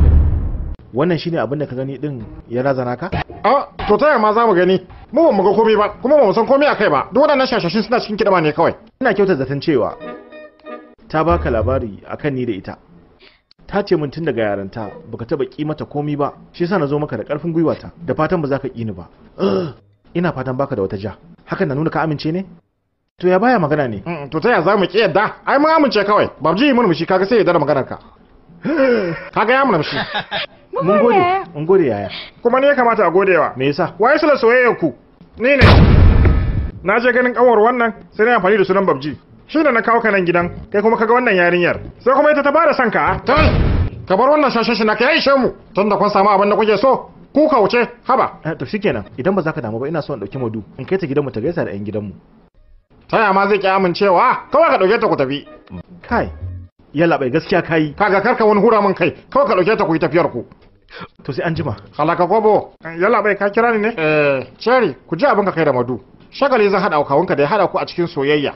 wannan shine abin da ka gani din ya razana ka a to ta ma za mu gani mu ba mu ga komai ba kuma ba mu san komai akai ba duk waɗannan shashashin suna cikin kidama ne kawai ina kyautar zaton cewa ta baka labari akan ni da ita ta ce min tun daga yaranta baka taba ki mata komi ba shi yasa na zo maka da karfin gwiwata da fatan ba za ka ki ni ba ina fatan baka da wata ja hakan na nuna ka amince ne to ya baya magana ne mm, to ta ya za mu ki yadda ai mun amince kawai babji mun mushi kaga sai ya dara maganar ka kaga ya mushi mun gode mun gode yaya kuma ne ya kamata a godewa me yasa wai sala soyayyar ku ni ne na je ganin kawar wannan sai na amfani da sunan babji shine da na kawo ka nan gidan kai kuma kaga wannan yarinyar sai kuma ita ta bada son ka tal ka bar wannan shashe shi na kai yaishe mu tun da kun samu abin da kuke so ku ka wuce haba eh, to shikenan idan ba za ka damu ba ina so in dauki madu in kai ta gidan mu ta gaisa da yan gidan mu taya ma zai ki amincewa kawai ka dauke ta ku tafi kai yalla bai gaskiya kai kaga karka wani hura min kai kawai ka dauke ta ku yi tafiyar ku to sai an jima halaka kobo yalla bai ka kira ni ne eh cherry ku ji abin ka kai da madu shagali zan hada kawunka da ya hada ku a cikin soyayya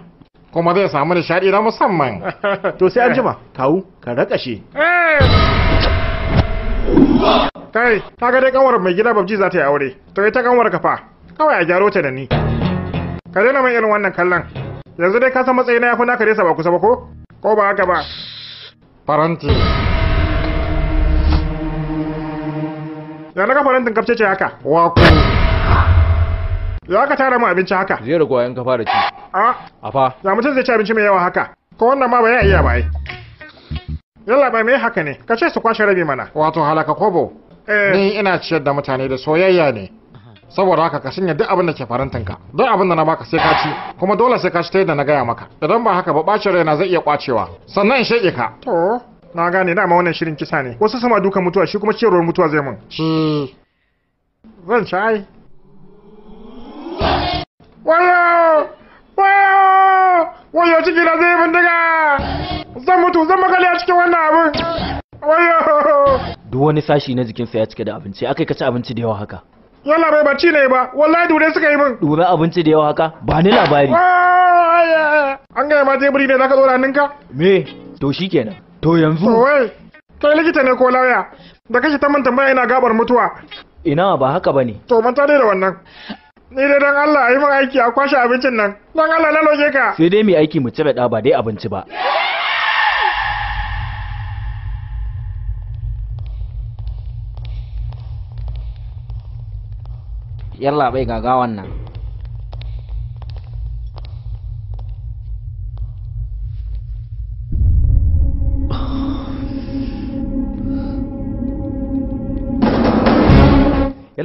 kuma zai samu nishaɗi na musamman to sai an jima kawu ka shi? kai eh! ta ga dai kanwar mai gida babji za ta yi aure to ita kanwar ka fa kawai a gyaro ta da ni ka daina mai irin wannan kallon yanzu dai ka san matsayi na yafi naka resa ba kusa ba ko ko ba haka ba faranti ya farantin kafce ce haka wako za ka tara mu abinci haka zai da in ka fara ci a a fa za mutum zai ci abinci mai yawa haka ko wannan ma ba ya iya ba yi. yalla ba mai haka ne ka ce su kwashe rabi mana wato halaka kobo eh. ni ina ciyar da mutane da soyayya ne saboda haka ka sanya duk abin da ke ka duk abin da na baka sai ka ci kuma dole sai ka ci ta yadda na gaya maka idan ba haka ba bacin raina zai iya kwacewa sannan in shege ka to na gane dama wannan shirin kisa ne wasu sama duka mutuwa shi kuma ciyarwar mutuwa zai mun shi zan ci ai wayo wayo wayo ciki na zai bindiga zan mutu zan makale a cikin wannan abin wayo duk wani sashi na jikinsa ya cike da abinci aka ka ci abinci da yawa haka yalla bai bacci ne ba wallahi dure suka yi min dure abinci da yawa haka ba ni labari an gaya ma teburi ne zaka zo da ninka me to shi kenan, to yanzu kai likita ne ko lauya da kashi ta man tambaya ina gabar mutuwa ina ba haka bane to manta dai da wannan Ni da don Allah yi min aiki a kwashe abincin nan. Don Allah na loje ka. Sai dai mai aiki mu cire da ba dai abinci ba. Yalla bai gaga nan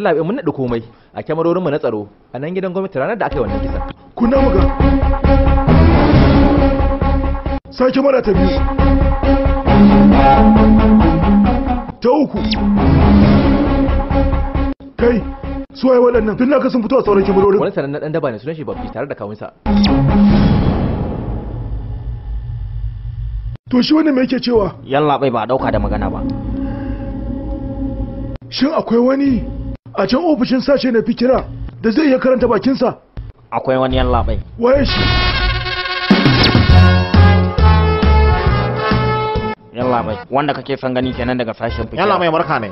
yalla mun naɗa komai a kyamarorin mu na tsaro a nan gidan gwamnati ranar da aka yi wannan kisa kunna mu ga sake mana ta biyu ta uku kai suwaye waɗannan tun naka sun fito a sauran kyamarorin wani sanan na ɗan daba ne sunan shi babbi tare da kawunsa to shi wannan me yake cewa yalla bai ba dauka da magana ba shin akwai wani a can ofishin sashe na fikira da zai iya karanta bakinsa akwai wani yan labai waye shi yan labai wanda kake son gani kenan daga sashen fikira yan labai barka ne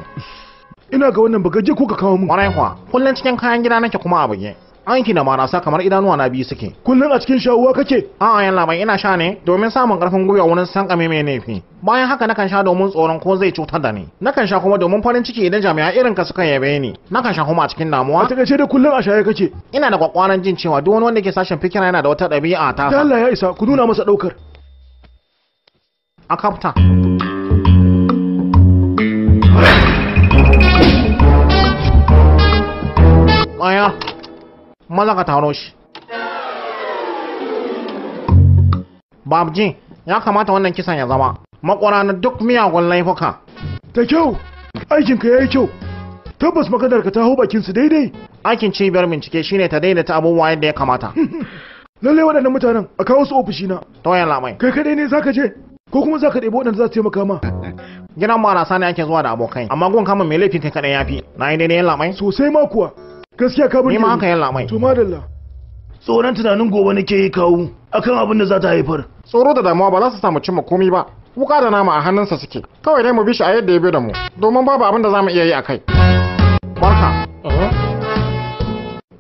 ina ga wannan bagaje ko ka kawo mu kwarai kuwa kullun cikin kayan gida nake kuma abu ne. aiki da marasa kamar idanuwa na biyu suke kullun a cikin shawuwa kake A'a, yalla bai ina sha ne domin samun karfin gwiwa wurin san kame mai nefi bayan haka nakan sha domin tsoron ko zai cutar da ni nakan sha kuma domin farin ciki idan jami'a irin ka suka yabe ni nakan sha kuma a cikin damuwa a takaice da kullun a shaye kake ina da kwakwaran jin cewa duk wani wanda ke sashen fikira yana da wata ɗabi'a ta Allah ya isa ku nuna masa daukar a kafta Yeah. maza ka taro shi babji ya kamata wannan kisan ya zama makwara na duk miyagun laifuka Ta kyau aikinka ya yi kyau tabbas makadar ka ta hau bakinsu daidai aikin cibiyar bincike shine ta daidaita abubuwa yadda ya kamata lalle waɗannan mutanen a kawo su na. to ya lamai kai kadai ne zaka je ko kuma zaka ɗebi waɗanda za su taimaka ma gidan marasa ne ake zuwa da abokai amma gun kama mai laifin kai kadai yafi na yi daidai ya lamai sosai ma kuwa gaskiya ka burge ni ma haka yalla mai to madalla tsoron tunanin gobe nake yi kawo akan abin da za ta haifar tsoro da damuwa ba za su samu cimma komai ba wuka da nama a hannunsa suke kawai dai mu bi shi a yadda ya bi da mu domin babu abin da za mu iya yi a kai barka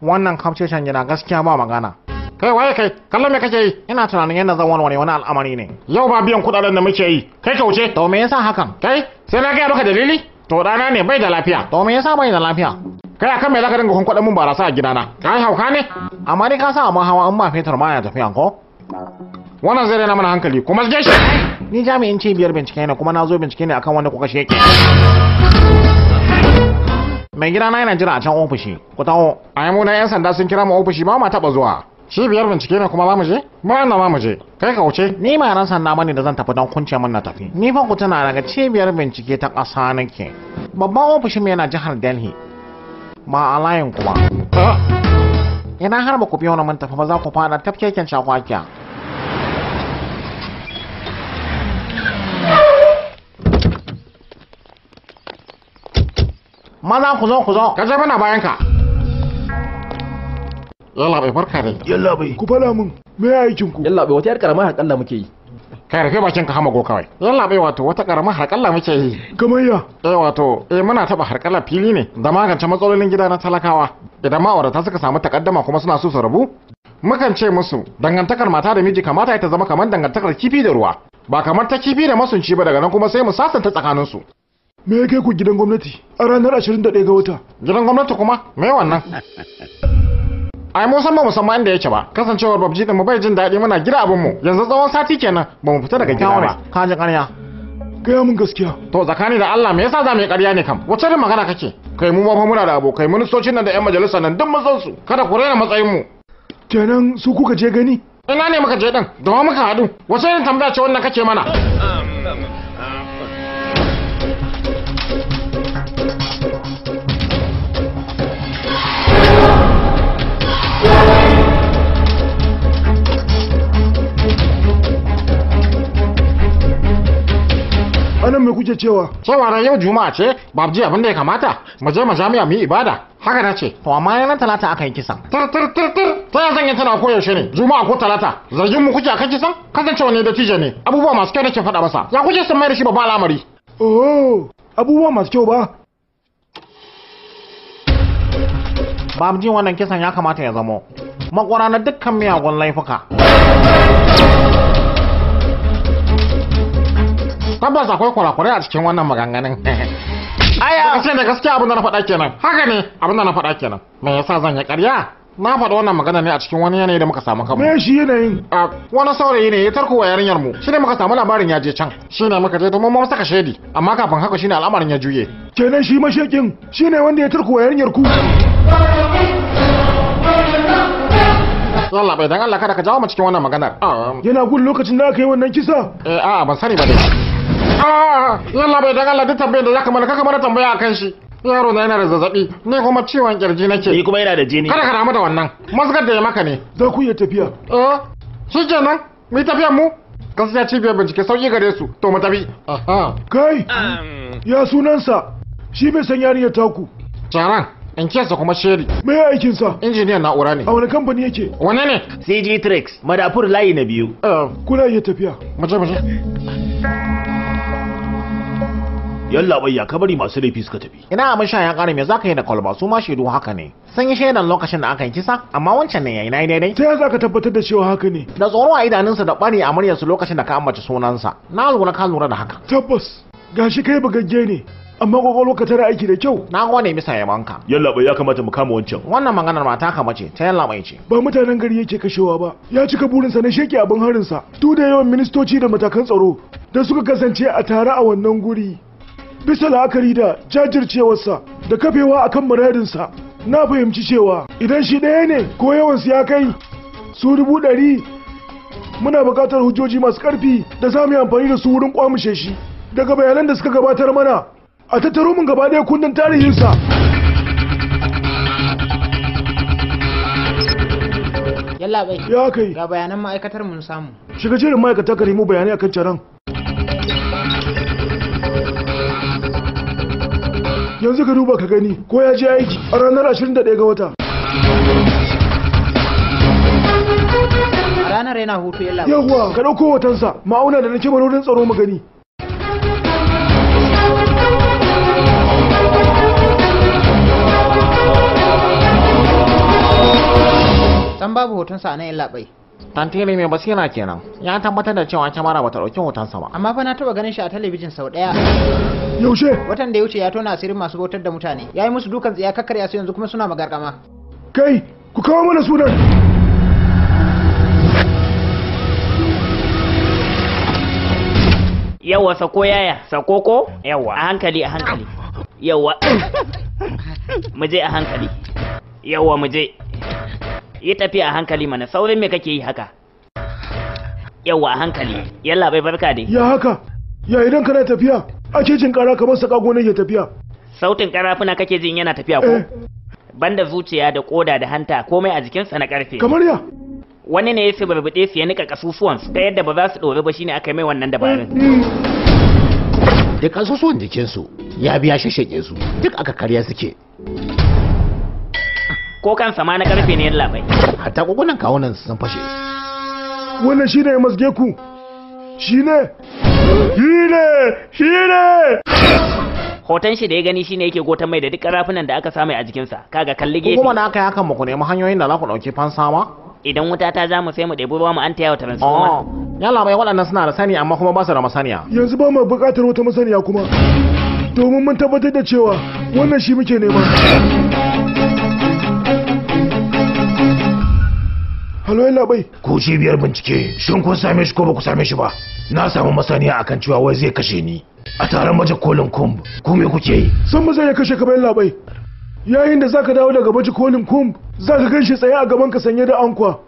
wannan kamcecen gida gaskiya ba magana kai waye kai kallon me kake yi ina tunanin yadda zan warware wani al'amari ne yau ba biyan kudaden da muke yi kai kauce to me yasa hakan kai sai na gaya maka dalili to dana ne bai da lafiya to me yasa bai da lafiya kai akan me zaka dinga kwankwaɗa mun barasa a gidana kai hauka ne amma ni ka sa amma hawa an ba fetur ma ya tafiya ko wannan zai rena mana hankali kuma je shi ni jami'in cibiyar bincike ne kuma na zo bincike ne akan wanda kuka sheke mai gidana yana jira a can ofishi ku taho a yi 'yan sanda sun kira mu ofishi ba ma taɓa zuwa cibiyar bincike ne kuma za mu je ba na za mu je kai ka wuce ni ma ran sanna mani da zan tafi don kunce min na tafi ni fa ku tana daga cibiyar bincike ta ƙasa nake babban ofishin mu yana jihar Delhi ma a layin kuma ina har ba ku biyo na mun tafi ba za ku fada tafkeken shakwakiya maza ku zo ku zo ka je mana bayan ka yalla bai farka da yalla bai ku fala mun me aikin ku yalla bai wata yar karama hakalla muke yi kai rufe bakin ka hamago kawai yalla bai wato wata karama harkalla muke yi kamar ya eh wato eh muna taba harkalla fili ne da magance matsalolin gida na talakawa idan ma'aurata suka samu takaddama kuma suna so su rabu mukan ce musu dangantakar mata da miji kamata ta zama kamar dangantakar kifi da ruwa ba kamar ta kifi da masunci ba daga nan kuma sai mu sasanta tsakanin su me yake ku gidan gwamnati a ranar 21 ga wata gidan gwamnati kuma me wannan ai mu san ba musamman inda yake ba kasancewar babji da mu bai jin daɗi muna gida abin mu yanzu tsawon sati kenan ba mu fita daga gida ba ka ji ƙarya gaya mun gaskiya to tsakani da Allah me yasa za mu yi ƙarya ne kam wacce irin magana kake kai mu ba muna da abokai ministocin nan da ƴan majalisa nan duk mun san su kada ku raina matsayin mu kenan su kuka je gani ina ne muka je din da muka haɗu wacce irin tambaya ce wannan kake mana um, anan mai kuke cewa cewa ran yau juma'a ce babji abin da ya kamata mu je majami'a mu yi ibada haka na ce to amma yana talata aka yi kisan tir tir tir tir ta yasan tana ko yaushe ne juma'a ko talata zargin mu kuke akan kisan kasancewa ne da tije ne abubuwa masu kyau nake faɗa masa ya kuke san mai da shi babban al'amari oh abubuwa masu kyau ba babji wannan kisan ya kamata ya zamo makwara na dukkan miyagun laifuka tabbas akwai kurakurai a cikin wannan maganganun aya ce da gaskiya abin da na faɗa kenan haka ne abin da na faɗa kenan me yasa zan yi ƙarya na faɗa wannan magana ne a cikin wani yanayi da muka samu kanmu me shi yanayin a wani saurayi ne ya tarko wa yarinyar mu ne muka samu labarin ya je can shi ne muka je domin mun saka shaidi amma kafin haka ne al'amarin ya juye kenan shi mashekin ne wanda ya tarko wa yarinyar ku Allah bai dan Allah kada ka jawo mu cikin wannan maganar yana gudu lokacin da aka yi wannan kisa eh a'a ban sani ba dai a ah, bai daga duk tambayar da zaka mana kaka mana tambaya akan shi yaro na yana da zazzabi ne kuma ciwon kirji nake ni kuma yana da jini kada ka damu da wannan masgar da ya maka ne za ku iya tafiya eh shi kenan mu tafiya mu gaskiya cibiyar bincike sauki gare su to mu tafi kai ya sunansa shi mai san yariyar taku caran in kiyasa kuma sheri me aikinsa injiniyan na'ura ne a wani kamfani yake wane ne cg tricks madafur layi na biyu eh, kuna iya tafiya mace mace yalla bayya ka bari masu laifi suka tafi ina a masha ya kare me zaka yi da kwalba su ma shaidu haka ne sun yi shaidan lokacin da aka yi kisa amma wancan ne yayi nayi daidai sai zaka tabbatar da cewa haka ne da tsoro a idanunsa da bari a su lokacin da ka ambaci sunansa na lura ka lura da haka tabbas gashi kai bugagge ne amma kwakwalwa ka da aiki da kyau na gode bisa manka yalla bai ya kamata mu kama wancan wannan maganar mata kama ce ta yalla bai ce ba mutanen gari yake kashewa ba ya cika burinsa na sheke abin harinsa duk da yawan ministoci da matakan tsaro da suka kasance a tare a wannan guri bisa la'akari da jajircewarsa da kafewa akan muradinsa na fahimci cewa idan shi ɗaya ne ko yawansu ya kai su dubu ɗari muna buƙatar hujjoji masu ƙarfi da za mu yi amfani da su wurin ƙwamishe shi daga bayanan da suka gabatar mana a tattaro mun gaba ɗaya kundin tarihinsa yalla bai ya kai ga bayanan ma'aikatar mun samu shiga jerin ma'aikata ka nemo bayanai akan taron yanzu ka duba ka gani ko ya je aiki a ranar 21 ga wata ranar yana hutu ya labar yawwa ka ɗauko watansa ma'auna da nake manorin tsaro mu gani san babu hotonsa a nan labai ne mai basira kenan ya tabbatar da cewa kyamara bata ɗauki hotonsa ba amma fa na taɓa ganin shi a talabijin sau ɗaya yaushe watan da ya wuce ya tona asirin masu bautar da mutane ya yi musu dukan tsiya kakkarya su yanzu kuma suna magarkama kai ku kawo mana sunan yawa sako yaya sako ko yawa a hankali a hankali yawa mu je a hankali yawa mu je yi tafiya a hankali mana saurin me kake yi haka yawa a hankali yalla bai barka dai ya haka ya idan kana tafiya ake jin kara kamar saka gonar ya tafiya sautin karafuna kake jin yana tafiya ko eh. banda zuciya da koda da hanta komai a jikinsa na karfe kamar ya wani ne ya fi barbaɗe su ya nika kasusuwan ta yadda ba za su ɗori ba shine aka mai wannan dabarun da kasusuwan jikinsu ya biya shashake su duk aka karya suke ko kansa ma na karfe ne bai hatta kokunan kawunan sun fashe wannan shine ya masge ku shine shine shine hoton shi da ya gani shine yake gotan mai da duk karafunan da aka samu a jikinsa kaga kalli gefe kuma na aka yi hakan ku nemi hanyoyin da za ku dauke fansa ma idan wuta ta zamu sai mu ɗebi ruwa mu an taya wa transformer oh. yalla bai waɗannan suna da sani amma kuma ba su da masaniya yanzu ba mu buƙatar wata masaniya kuma domin mun tabbatar da cewa wannan shi muke nema Halo labai bai. Ku cibiyar bincike, shin kun same shi ko ba ku same shi ba? Na samu masaniya akan cewa wai zai kashe ni. A taron baje kolin kumb, ku me kuke yi? San ba zai kashe ka ba Yayin da zaka dawo daga baje kolin kumb, zaka ganshi tsaye a gaban ka sanye da ankwa.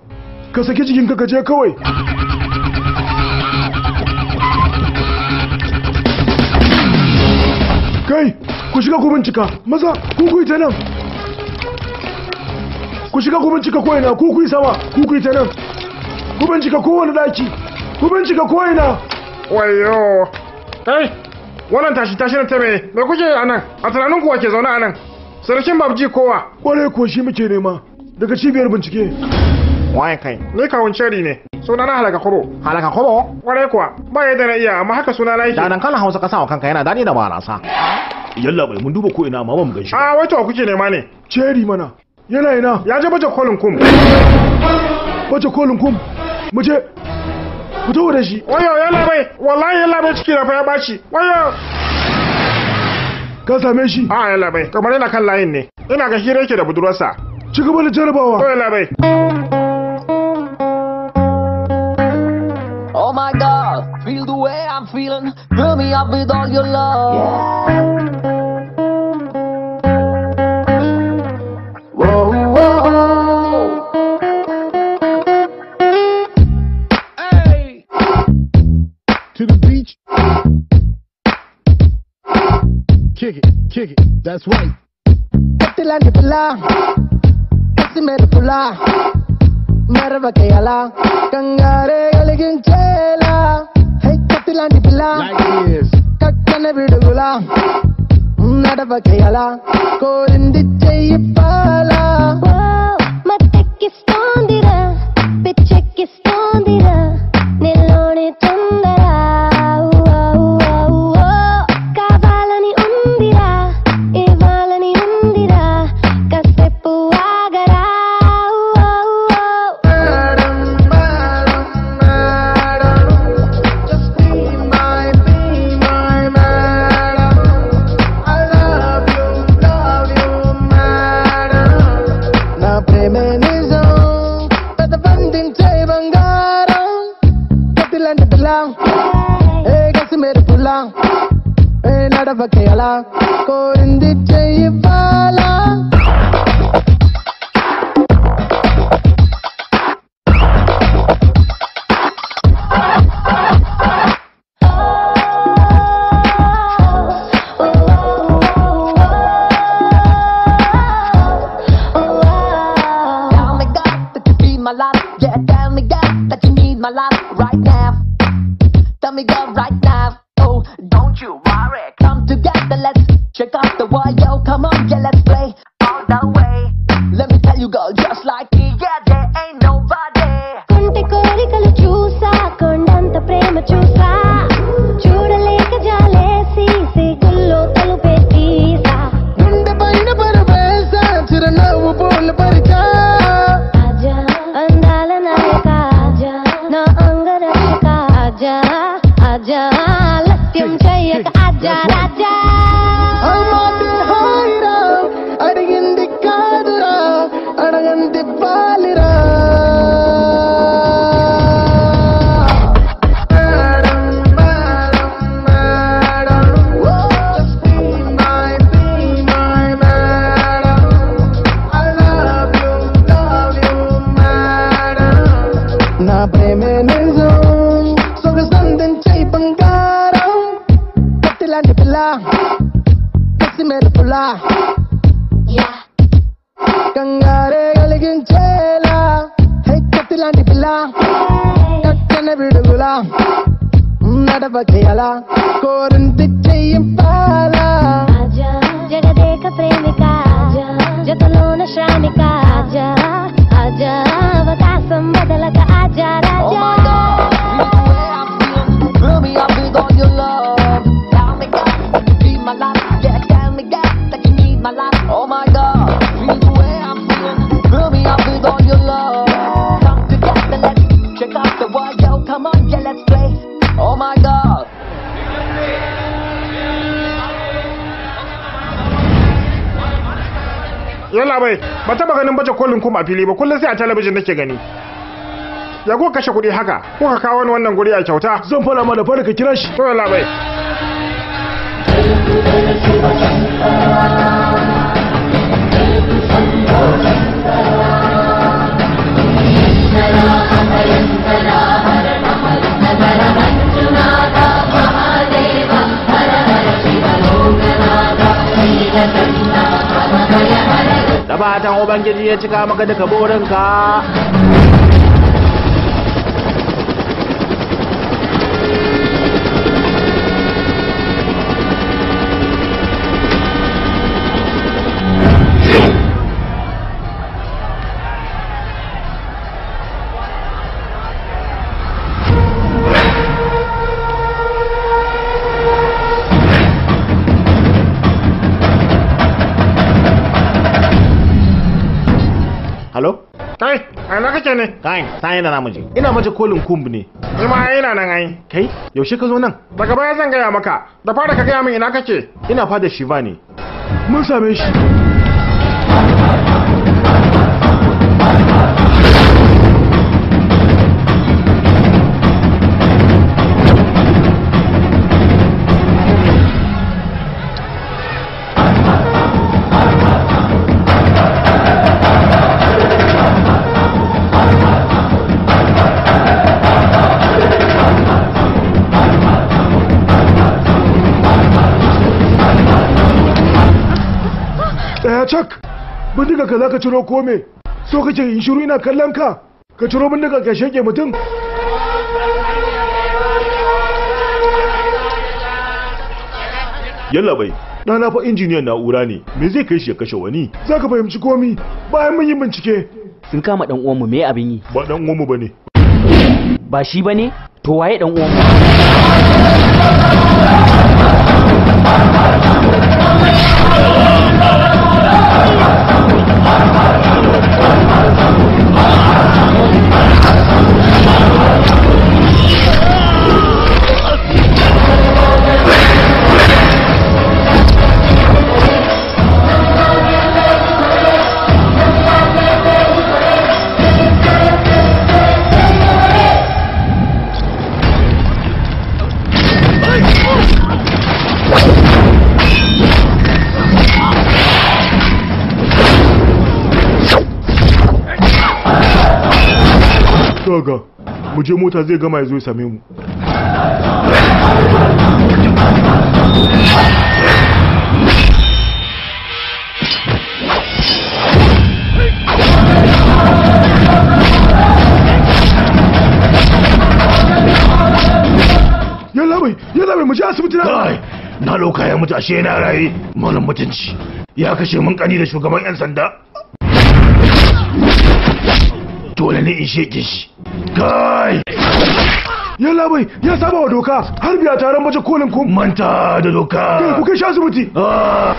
Ka saki jikinka ka je kawai. Kai, ku shiga ku bincika, maza, ku ku ta nan. ku shiga ku bincika ko ina ku ku sama ku ku ta nan ku bincika kowane daki ku bincika ko ina wayo kai wannan tashi tashi na tabe me kuke a nan a tunanin kuwa ke zaune a nan sarkin babji kowa kware ko shi muke nema daga cibiyar bincike waye kai ni kawun ceri ne sunana halaka kuro halaka kuro kware kuwa ba yadda na iya amma haka sunana yake da nan hausa ka sa wa kanka yana dani da barasa yalla bai mun duba ko ina amma ba mu gan shi a ah, wato kuke nema ne Cheri mana yana ina ya je baje kolin kum baje kolin kum mu je ku tawo da shi wayo yana bai wallahi yana bai ciki da ya baci wayo ka same shi a yana bai kamar yana kan layin ne ina ga hira yake da budurwarsa ci gaba da jarabawa to yana bai Oh my god, feel the way I'm feeling, fill me up with all your love. Yeah. kick it, kick it, that's right. పట్టిలాంటి పిల్ల పసి మేలు పుల్ల మరవక ఎలా కంగారే కలిగించేలా హై కత్తిలాంటి పిల్ల కక్కన విడుగులా నడవక ఎలా కోరింది చెయ్యి పాలా a fili ba kullum sai a talabijin nake gani ya ko kashe kuɗi haka ko ka kawo ni wannan guri a kyauta zan fara ma da fara ka kira shi to yalla bai Thank you. fatan ubangiji ya cika maka duka burinka sayin sayin da namiji. ina maje kolin kumb ne ni ma ina nan ai kai yaushe ka zo nan daga baya zan gaya maka da fara ka gaya min ina kake ina fada shiva ne mun same shi cak bindiga ka za ka ciro kome so kake in shiru ina kallon ka ka ciro bindiga ka sheke mutum yalla bai ɗana fa injiniyan na'ura ne me zai kai shi ya kashe wani zaka fahimci komi bayan mun yi bincike sun kama dan uwanmu me abin yi ba dan uwanmu bane ba shi bane to waye dan uwanmu Oh, Hare Hare Hare Hare mu je mota zai gama ya zo ya same mu mu je asibiti na kai na loka ya mutu ashe yana raye malam mutunci ya kashe mun kani da shugaban yan sanda dole ne in sheke kai yalla labai, ya saba wa doka har biya taron baje kolin ku manta da doka kai ku kai shi asibiti ah.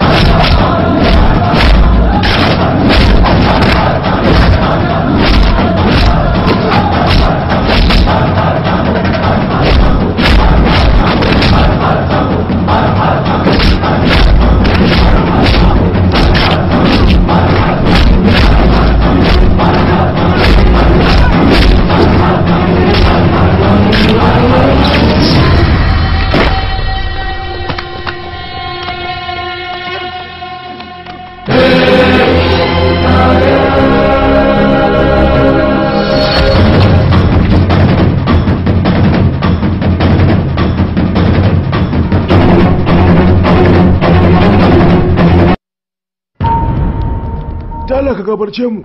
gabarce mu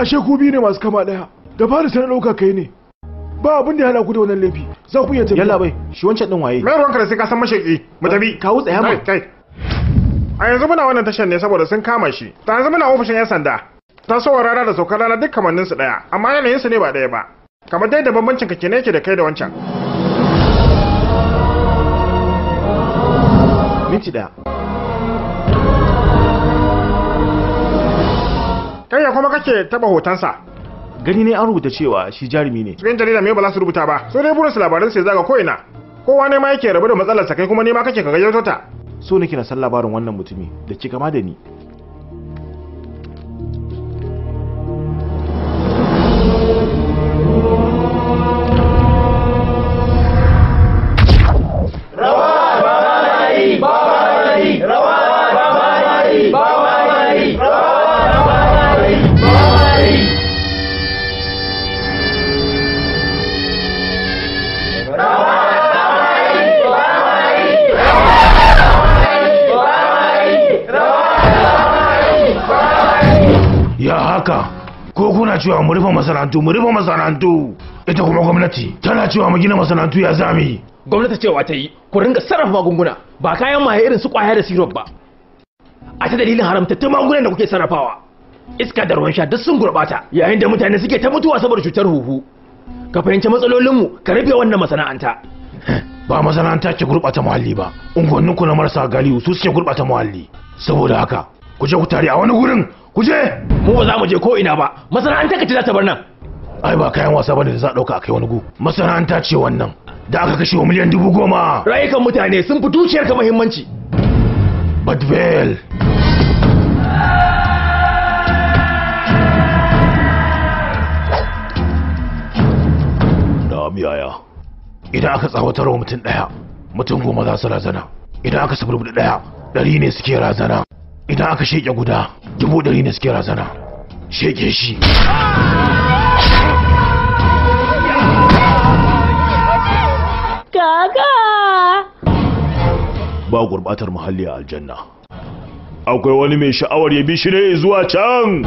ashe ku biyu ne masu kama daya da fara sai na dauka kai ne ba abin da ya halaku ku da wannan laifi za ku iya tafiya yalla bai shi wancan din waye mai ka da sai ka san mashaki mu tafi kawo tsaya mu kai a yanzu muna wannan tashar ne saboda sun kama shi ta yanzu muna ofishin yan sanda ta tasowar rana da saukar rana duk kamannin su daya amma yanayin su ne ba daya ba kamar dai da bambancin ka kene ke da kai da wancan minti ɗaya. kai ya kuma kake taba hotonsa gani ne an rubuta cewa shi jarumi ne cikin jarida me ba za su rubuta ba sai dai burin su labaran sai zaga ko kowa ne ma yake rabu da matsalarsa kai kuma ne ma kake ka gayyato ta so nake na san labarin wannan mutumi da ki kama da ni haka ko kuna cewa mu rufe masana'antu mu rufe masana'antu ita kuma gwamnati tana cewa mu gina masana'antu ya zami gwamnati cewa ta yi ku ringa sarrafa magunguna ba kayan maye irin su kwaya da sirop ba a ta dalilin haramtattun magungunan da kuke sarrafawa iska da ruwan sha duk sun gurbata yayin da mutane suke ta mutuwa saboda cutar huhu ka fahimci matsalolinmu ka rufe wannan masana'anta ba masana'anta ke gurbata muhalli ba unguwanninku na marasa galihu su suke gurɓata muhalli saboda haka ku je ku tare a wani gurin ku mu ba za mu je ko ina ba masana'anta ka ce za ta bar nan ai ba kayan wasa bane da za dauka a kai wani gu masana'anta ce wannan da aka kashe wa miliyan dubu goma rayukan mutane sun fi tuciyar ka muhimmanci badwell na'am yaya idan aka tsawatar wa mutum daya mutum goma za su razana idan aka saburbuɗi daya ɗari ne suke razana idan aka sheke guda dubu ɗari ne suke razana sheke shi kaka ba gurbatar muhalli a aljanna akwai wani mai sha'awar ya bi shi ne zuwa can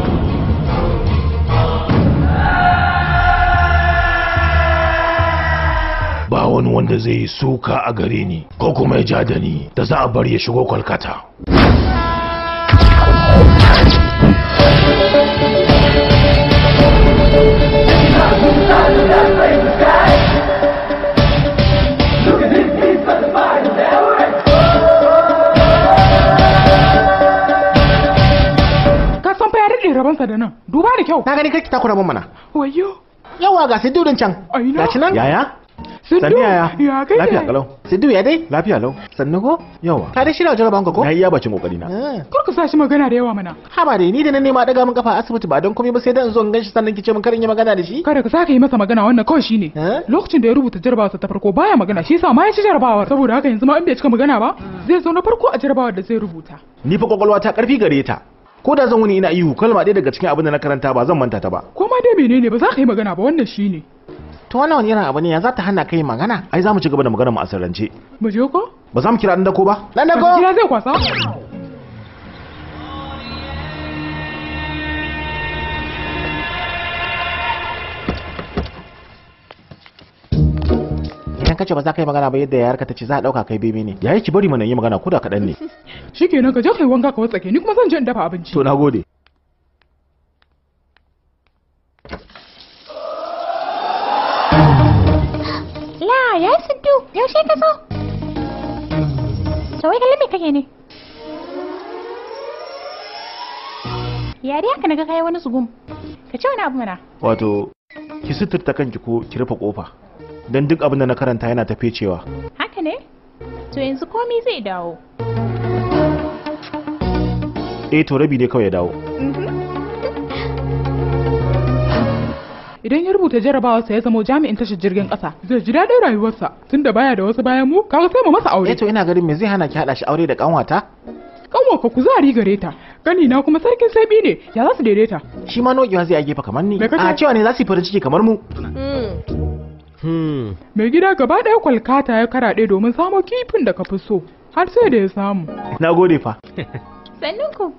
ba wani wanda zai suka a gare ni ko kuma ya ja da ni da za a bar ya shigo kwalkata rabansa da nan duba da kyau na gani kake takura mana wayo yawa ga siddurin can gashi nan yaya siddu yaya lafiya kalau Siddiu ya dai? Lafiya lau. Sannu ko? Yawa. Ka dai shirya jarabawan ka ko? Na yi yabacin kokari na. Eh. Kar ka sashi magana da yawa mana. Ha ba dai ni da na nema daga min kafa asibiti ba don komai ba sai dan zo in ganshi sannan kice min karin yi magana da shi. Kar ka saka yi masa magana wannan kawai shine. Eh? Lokacin da ya rubuta jarabawarsa ta farko baya magana shi yasa ma ya ci jarabawar saboda haka yanzu ma in bai cika magana ba zai zo na farko a jarabawar da zai rubuta. Ni fa kokolwa ta karfi gare ta. ko da zan wuni ina ihu kalma ɗaya daga cikin abin da na karanta ba zan manta ta ba ko ma dai menene ba za ka yi magana ba wannan shine to wannan wani irin abu ne ya za ta hana kai magana ai za mu ci gaba da magana mu a sirrance ba je ko ba za mu kira dan dako ba dan dako kira zai kwasa idan ka ce ba za ka yi magana ba yadda ya ta ce za a dauka kai bebe ne yayi ki bari mana yi magana ko da kaɗan ne shikenan ka je kai wanka ka ke ni kuma zan je in dafa abinci to nagode ya siddu yaushe ka zo wai kallon me kake ne yari haka na ga wani sugum ka ci wani abu mana wato ki suturta kanki ko ki rufe kofa don duk abin da na karanta yana tafe cewa haka ne to yanzu komi zai dawo eh to rabi ne kawai ya dawo idan ya rubuta jarabawarsa ya zama jami'in tashar jirgin kasa zai ji daɗin rayuwarsa tunda baya da wasu bayan mu kaga sai mu masa aure eh to ina garin me zai hana ki hada shi aure da kanwata kanwa fa kuzari gare ta gani na kuma sarkin sabi ne ya za su daidaita shi ma nogewa zai a gefe kamar ni a cewa ne za su yi farin ciki kamar mu hmm. hmm. mai gida gaba ɗaya kwalkata ya karaɗe domin samo kifin da ka fi so har sai da ya samu na gode fa sannunku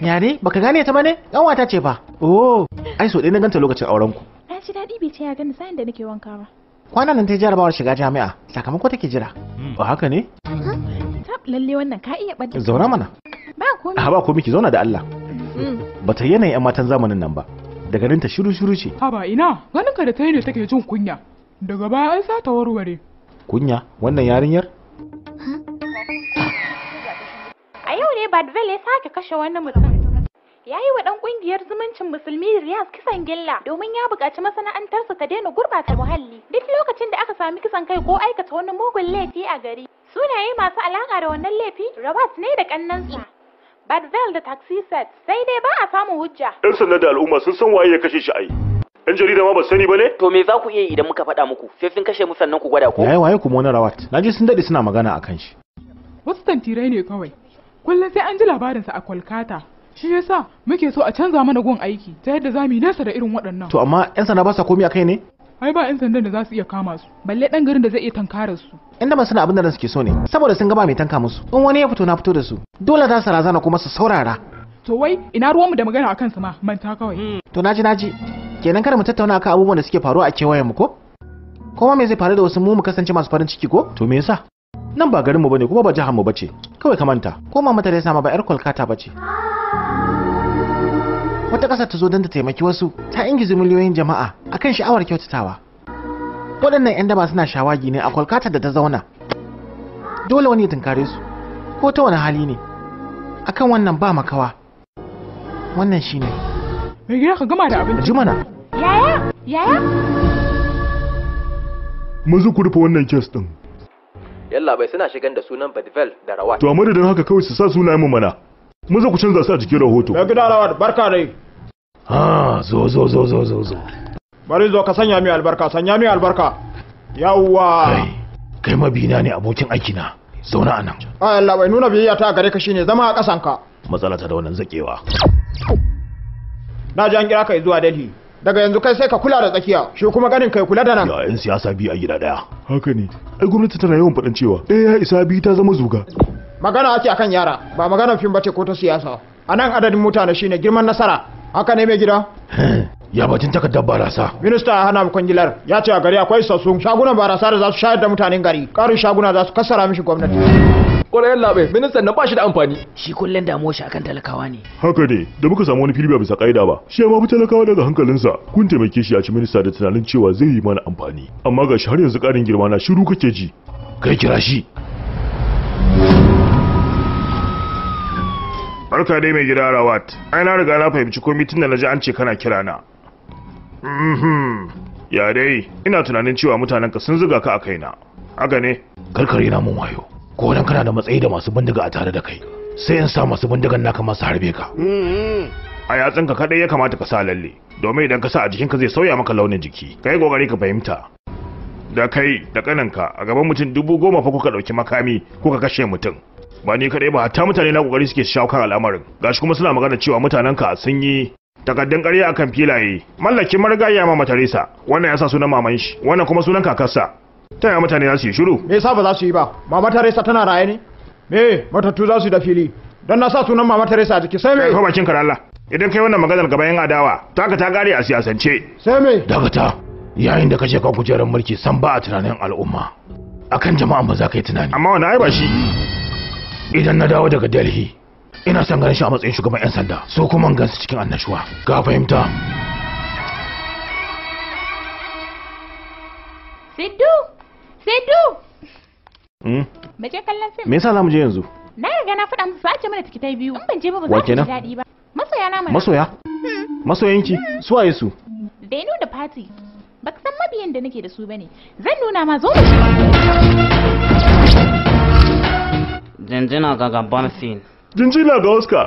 Yare ne baka gane ta ne? yan wata ce fa oh ai so dai na ganta lokacin auren ku na ji daɗi bai ce ya gani sa'in da nake wanka ba kwanan nan ta jarabawar shiga jami'a sakamako take jira hmm. ba haka ne tab lalle wannan ka iya bada zauna mana ba komai a ba ki zauna da Allah hmm. Ba ta yanayin yan matan zamanin nan ba da ganin ta shiru shiru ce ha ba ina ganin ka da ta ne take jin kunya daga baya an sa ta warware kunya wannan yarinyar A yau ne Badvel ya sake kashe wani mutum. Ya yi wa ɗan ƙungiyar zumuncin musulmi Riyas kisan gilla domin ya buƙaci masana'antarsa ta daina gurɓata muhalli. Duk lokacin da aka sami kisan kai ko aikata wani mugun laifi a gari. Sunaye masu alaƙa da wannan laifi rawat ne da ƙannansa. Badvel da Taxi Set sai dai ba a samun hujja. 'Yan sanda da al'umma sun san waye ya kashe shi a yi. 'yan jarida ma ba sani ba ne? To me za ku iya yi idan muka faɗa muku sai sun kashe mu sannan ku gwada ko? Yayi waye kuma wani rawat. Na ji sun daɗe suna magana kan shi. Wasu tantirai ne kawai. kullum sai an ji labarinsa a Kolkata. Shi yasa muke so a canza mana gun aiki ta yadda za mu yi nesa da irin waɗannan. To amma 'yan sanda ba sa komai a kai ne? ai ba 'yan sandan da za su iya kama su balle dan garin da zai iya tankara su inda ban suna abin da suke so ne saboda sun gaba mai tanka musu in wani ya fito na fito da su dole za su razana kuma su saurara to wai ina ruwanmu da magana akan su ma manta kawai hmm. to naji naji kenan kada mu tattauna akan abubuwan da suke faruwa a kewayen mu ko kuma me zai faru da wasu mu mu kasance masu farin ciki ko to me yasa nan ba garinmu bane kuma ba jiharmu mu bace kawai ka manta ko mama ta sama ba yar kolkata bace wata kasa ta zo don ta taimaki wasu ta ingiza miliyoyin jama'a akan sha'awar kyautatawa waɗannan 'yan daba suna shawagi ne a kolkata da ta zauna dole wani ya tunkare su ko ta wani hali ne akan wannan ba makawa wannan shine mai gida ka gama da abinci jumana yaya yaya mazu ku rufe wannan kes din yalla bai suna shigan da sunan Badvel da Rawat. To a madadin haka kawai su sa sunayen mu mana. Mun zo ku canza su a cikin rahoto. Mai gida Rawat barka dai. Ha zo zo zo zo zo zo. Bari zo ka sanya mi albarka sanya mi albarka. Yawwa. Kai kai mabina ne abokin aiki na. Zauna anan. Ai yalla bai nuna biyayya ta gare ka shine zama a kasanka. Matsala ta da wannan zakewa. Na ji an kira ka zuwa Delhi. daga yanzu kai sai ka kula da tsakiya shi kuma ganin kai kula da nan ya yan siyasa biyu a gida daya haka ne ai gwamnati tana yawan faɗan cewa ɗaya ya isa biyu ta zama zuga magana ake akan yara ba maganar fim bace ko ta siyasa a nan adadin mutane shine girman nasara haka ne mai gida ya bacin takardar barasa minista ya hana kwangilar ya ce a gari akwai sassun shagunan barasa da za su shayar da mutanen gari ƙarin shaguna za su kassara mishi gwamnati kwarai labai ministan na bashi da amfani shi kullun damuwar shi akan talakawa ne haka ne da muka samu wani fili ba bisa kaida ba shi ma talakawa daga hankalinsa kun taimake shi a ci minista da tunanin cewa zai yi mana amfani amma ga shi har yanzu karin girma na shiru kake ji kai kira shi barka dai mai gida rawat ai na riga na fahimci komai tunda na ji an ce kana kira na mhm. ya dai ina tunanin cewa mutanenka sun zuga ka a kaina haka ne karkare na mun wayo ko dan kana da matsayi da masu bindiga a tare da kai sai in sa masu bindigan naka masu harbe ka mm-hmm. a ka kadai ya kamata ka sa lalle domin idan ka sa a jikinka zai sauya maka launin jiki kai kokari ka fahimta da kai da kaninka a gaban mutum dubu goma fa kuka dauki makami kuka kashe mutum ba ni kadai ba hatta mutane na kokari suke shawo kan al'amarin gashi kuma suna magana cewa mutanen mutanenka sun yi takaddun ƙarya akan filaye mallakin marigayya mama taresa wannan ya sa sunan maman shi wannan kuma sunan kakarsa ta mutane za su yi shiru me yasa ba za su yi ba mama taresa tana raye ne me matattu za su da fili don na sa sunan mama taresa a jiki sai me ko bakin karalla idan kai wannan maganar gaba yin adawa taka ta gare a siyasance sai me dagata yayin da kace ka kujerar mulki san ba a tunanin al'umma akan jama'a ba za ka yi tunani amma wani ba shi idan na dawo daga delhi ina son ganin shi a matsayin shugaban 'yan sanda so kuma gansu cikin annashuwa ga fahimta Sedu! Hmm? je kallon film. Me yasa za mu je yanzu? Na riga na faɗa musu aje mana tikita biyu. In ban je ba ba za ku ji daɗi ba. Masoya na mana. Masoya? Hmm. Masoyanki su waye su? Benu da Fati. Ba san mabiyan da nake da su bane. Zan nuna ma zo mu Jinjina ga gaban sin. Jinjina ga Oscar.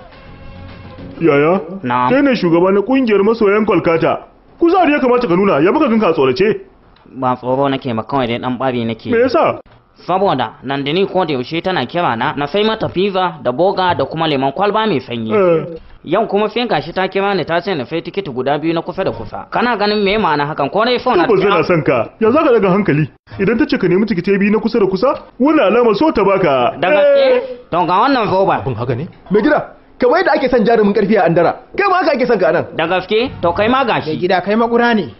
Yaya? Na. Kai ne shugaba na kungiyar masoyan Kolkata. Kuzari ya kamata ka nuna, ya muka ganka a tsorace. ba tsoro nake ba kawai dai dan bari nake me yasa saboda nandini ko da yaushe tana kira na na sai mata pizza da boga da kuma lemon kwalba mai sanyi eh. yau kuma sai gashi ta kira ni ta ce na sai tikiti guda biyu na kusa da kusa kana ganin me ma'ana hakan ko dai fa na zai na son ka ya zaka daga hankali idan ta ce ka nemi tikiti biyu na kusa da kusa wannan alama so ta baka da gaske eh. to ga wannan roba bin haka ne me gida kamar yadda ake son jarumin karfi a andara kai ma haka ake son ka anan da gaske to kai ma gashi gida kai ma ne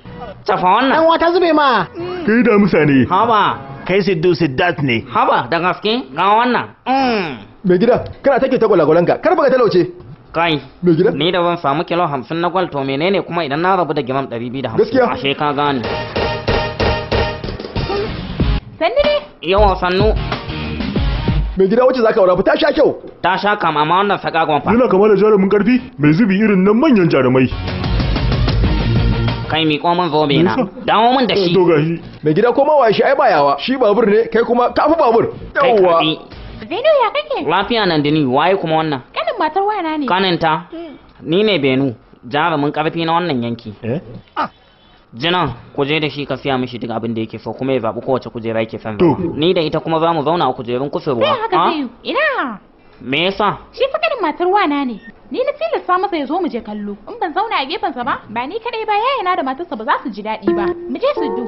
Tafa wannan. Dan wata zube ma. Kai da musa ne. Haba. Kai su siddu siddat ne. Haba da gaske ga wannan. Mm. Mai gida kana take ta ka kar baka talauce. kai ni da ban samu kilo hamsin na gwal to menene kuma idan na rabu da gimam ɗari biyu da hamsin ashe ka gane sannu ne yawa sannu mai gida wacce zaka aura ta sha kyau ta sha kama amma wannan saka gwamfa yana kama da jarumin karfi mai zubi irin nan manyan jarumai kai mi zo zobe na dawo mun da shi to mai gida ko mawa shi ai ba yawa shi babur ne kai kuma kafi babur yawwa Benu ya kake lafiya nan dini waye kuma wannan kanin matar wana ne kaninta mm. ni ne Benu jarumin karfi na wannan yanki eh ah. jinan ku je da shi ka siya mishi duk abin da yake so kuma ya zaɓi kowace kujera yake son ni da ita kuma za mu zauna a kujerun kusurwa eh, ah? ina me yasa shi fa kanin matar wana ne ni na tilasta masa ya zo mu je kallo in ban zauna a gefensa ba ba ni kadai ba na da matarsa ba za su ji daɗi ba mu je su du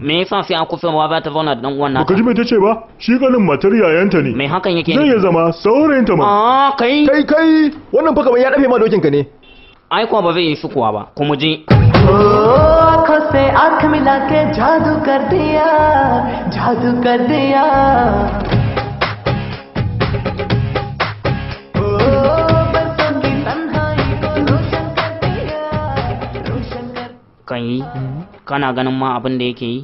me yasa sai an kufe wa ba ta zauna da dan uwan nata ka ji me tace ba shi ganin matar yayanta ne me hakan yake zai ya zama saurayin ta ma ah kai kai kai wannan fa kamar ya dafe ma dokin ka ne ai kuma ba zai yi sukuwa ba kuma je आंखों से आंख मिला के जादू कर दिया जादू कर दिया kan yi mm-hmm. kana ganin ma abin da yake yi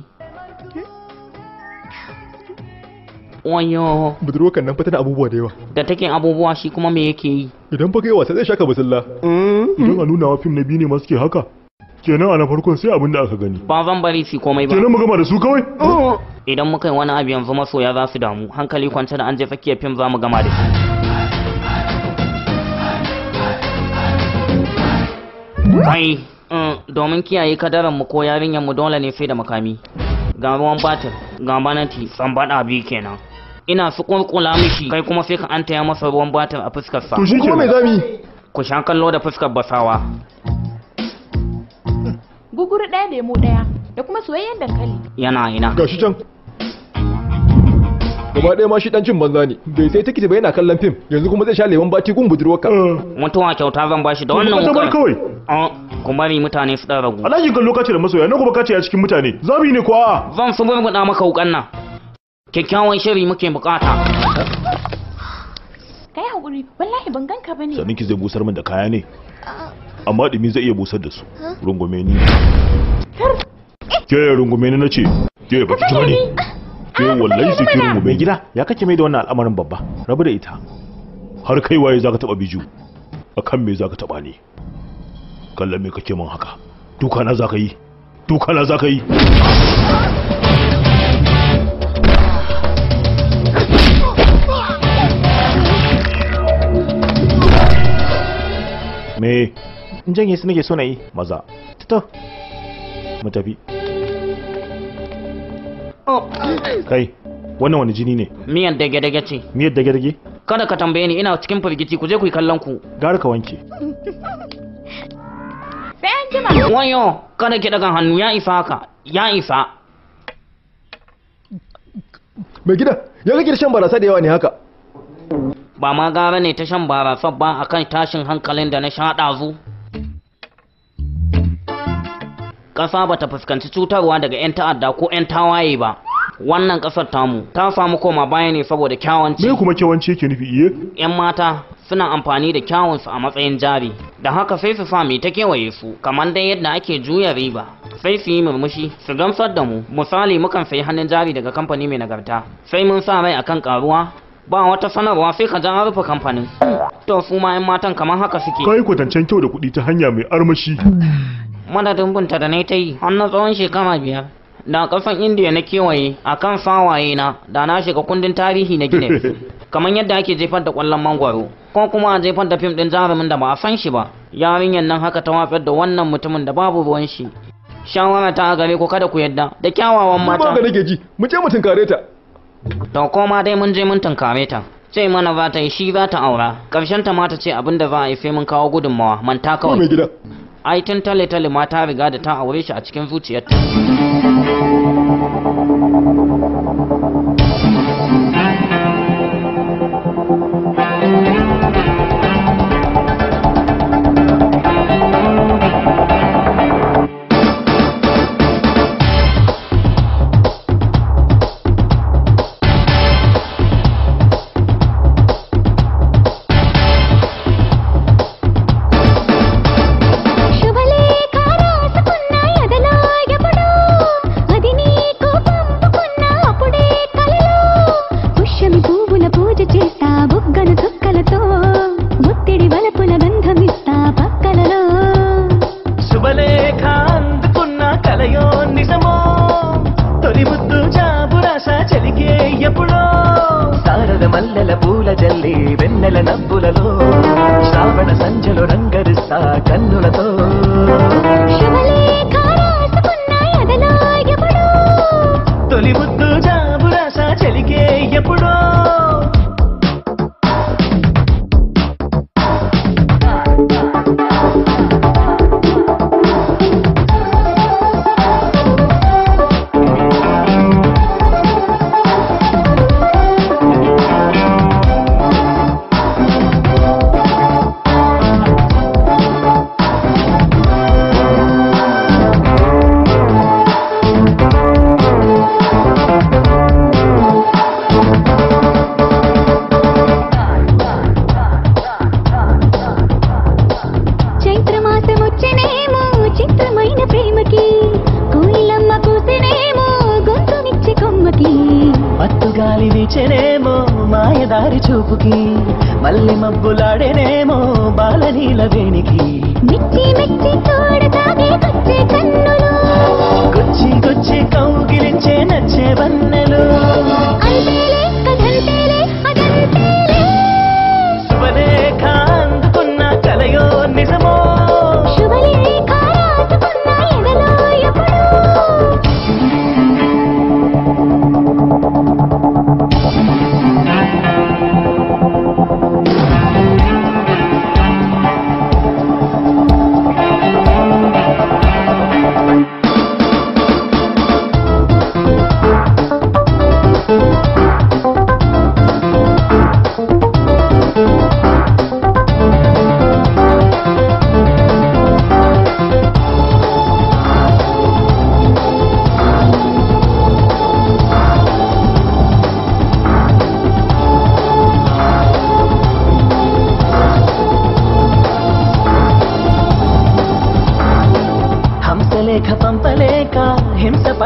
wanyo budurwa kan nan fitar abubuwa da yawa da take abubuwa shi kuma me yake yi idan fa kai wasa zai shaka basilla mm-hmm. idan a nuna wa fim na biyu ne masu ke haka kenan a na farkon sai abin da aka gani ba zan bari su komai ba kenan mu gama da su kawai oh. idan muka yi wani abu yanzu masoya za su damu hankali kwance da an je tsakiyar fim za mu gama da shi kai Mm, domin kiyaye kadaran mu ko yarinyar mu dole ne sai da makami ga ruwan batir ga banati Sambaɗa bi kenan ina su kurkula mishi kai kuma sai ka antaya masa ruwan batir a fuskar sa to shi kuma mai zami ku sha kallo da fuskar basawa guguru ɗaya lemo ɗaya da kuma soyayyen dankali yana ina gashi can gaba ɗaya ma shi dan cin banza ne bai sai tikiti ba yana kallon fim yanzu kuma zai sha lemon bati gun budurwarka eh. mutuwa kyauta zan bashi da wannan wukan kawai eh, kuma ni mutane su dan ragu alhaji kan lokaci da masoya na kuma kace a cikin mutane zabi ne ko a'a zan su burguda maka wukan nan kyakkyawan shiri muke bukata kai hakuri wallahi ban ganka bane sanin ki zai busar min da kaya ne ah. amma dimi zai iya busar da su rungume ni ke rungume ni nace ke baki ji bane ke ah, wallahi sikirin mu mai gida ya kake mai da wannan al'amarin babba rabu da ita har kai waye zaka taba biju akan me zaka taba ni kallan me kake min haka duka na zaka yi duka na zaka yi me in janye su nake so na yi maza to mu tafi kai wannan wani jini ne miyan dage-dage ce miyar dage-dage kada ka tambaye ni ina cikin firgici ku je ku yi kallon ku gara ka wanke sai an jima wayo kada ki daga hannu ya isa haka ya isa mai gida ya kake shan barasa da yawa ne haka ba ma gara ne ta shan barasa ba akan tashin hankalin da na sha ɗazu ƙasa ba ta fuskanci cutarwa daga 'yan ta'adda ko 'yan tawaye ba wannan ƙasar tamu ta samu koma baya ne saboda kyawanci me kuma kyawanci yake nufi iye eh? 'yan mata suna amfani da kyawunsu a matsayin jari da haka sai su sa mai ta kewaye su kamar dai yadda ake juya riba sai su yi murmushi su gamsar da mu misali mukan sayi hannun jari daga kamfani mai nagarta sai mun sa rai akan karuwa ba wata sanarwa sai ka ja rufe kamfanin to su ma 'yan matan kamar haka suke kai kwatancen kyau da kuɗi ta hanya mai armashi hmm. madadin binta da na ta yi har na tsawon shekara biyar da kasan indiya na kewaye a kan sawaye na da na shiga kundin tarihi na gine kamar yadda ake jefar da kwallon mangwaro ko kuma a jefar da fim din jarumin da ba a san shi ba yarinyar nan haka ta watsar da wannan mutumin da babu ruwan shi shawara ta gare ku kada ku yadda da kyawawan mata ba nake ji mu je mu tunkare ta to koma dai mun je mun tunkare ta ce mana za ta yi shi za ta aura karshen ta mata ce abin da za a yi sai mun kawo gudunmawa manta kawai ai tun tale tale ma ta riga da ta aure shi a cikin zuciyarta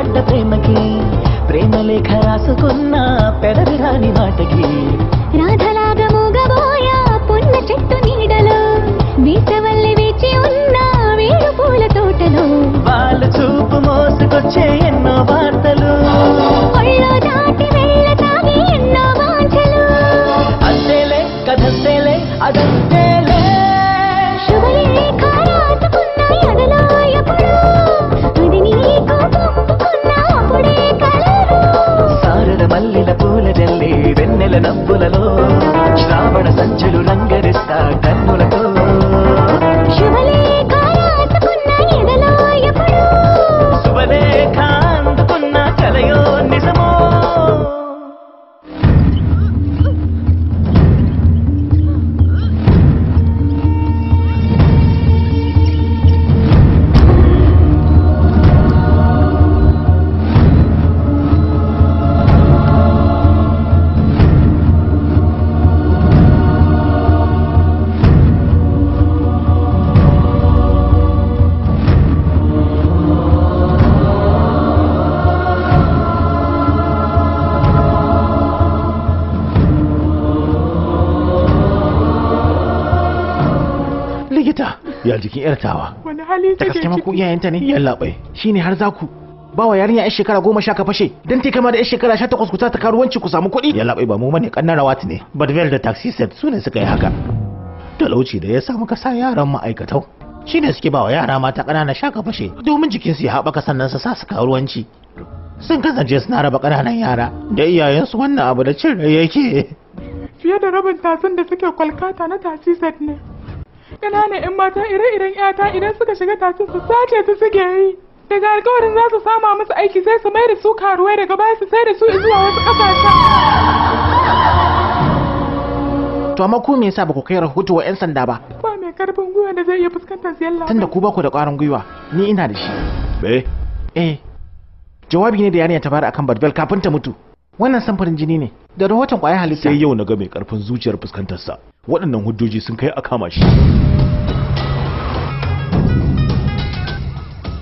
పడ్డ ప్రేమకి ప్రేమ లేఖ రాసుకున్న పెదవి రాని మాటకి రాధలాగా చూపు మోసుకొచ్చే ఎన్నో బాధ ma ko iyayenta ne bai. shine har za ku ba wa yarinya yan shekara goma sha ka fashe dan te kama da yan shekara sha takwas ku ta karuwanci ku samu kuɗi bai ba mu mane kannan rawati ne badvel da taxi set su ne suka yi haka talauci da ya sa muka sa yaran ma'aikatau ne suke ba wa yara mata ƙanana sha ka fashe domin jikinsu ya haɓaka sannan su sa su karuwanci sun kasance suna raba ƙananan yara da iyayensu wannan abu da cin rai yake fiye da rabin tasin da suke kwalkata na taxi set ne ƙananan 'yan mata ire-iren 'yata idan suka shiga tafin su sace su suke yi daga alkawarin za su sama musu aiki sai su mai da su karuwai daga baya su sai da su zuwa wasu ƙasashen to amma ku me yasa ba ku kai rahoto wa 'yan sanda ba ba mai karfin gwiwa da zai iya fuskantar su yalla tunda ku ba ku da ƙwarin gwiwa ni ina da shi Me? eh jawabi ne da yarinya ta fara akan Badbel kafin ta mutu wannan samfurin jini ne da rahoton kwayar halitta sai yau na ga mai karfin zuciyar fuskantar sa waɗannan hujjoji sun kai a kama shi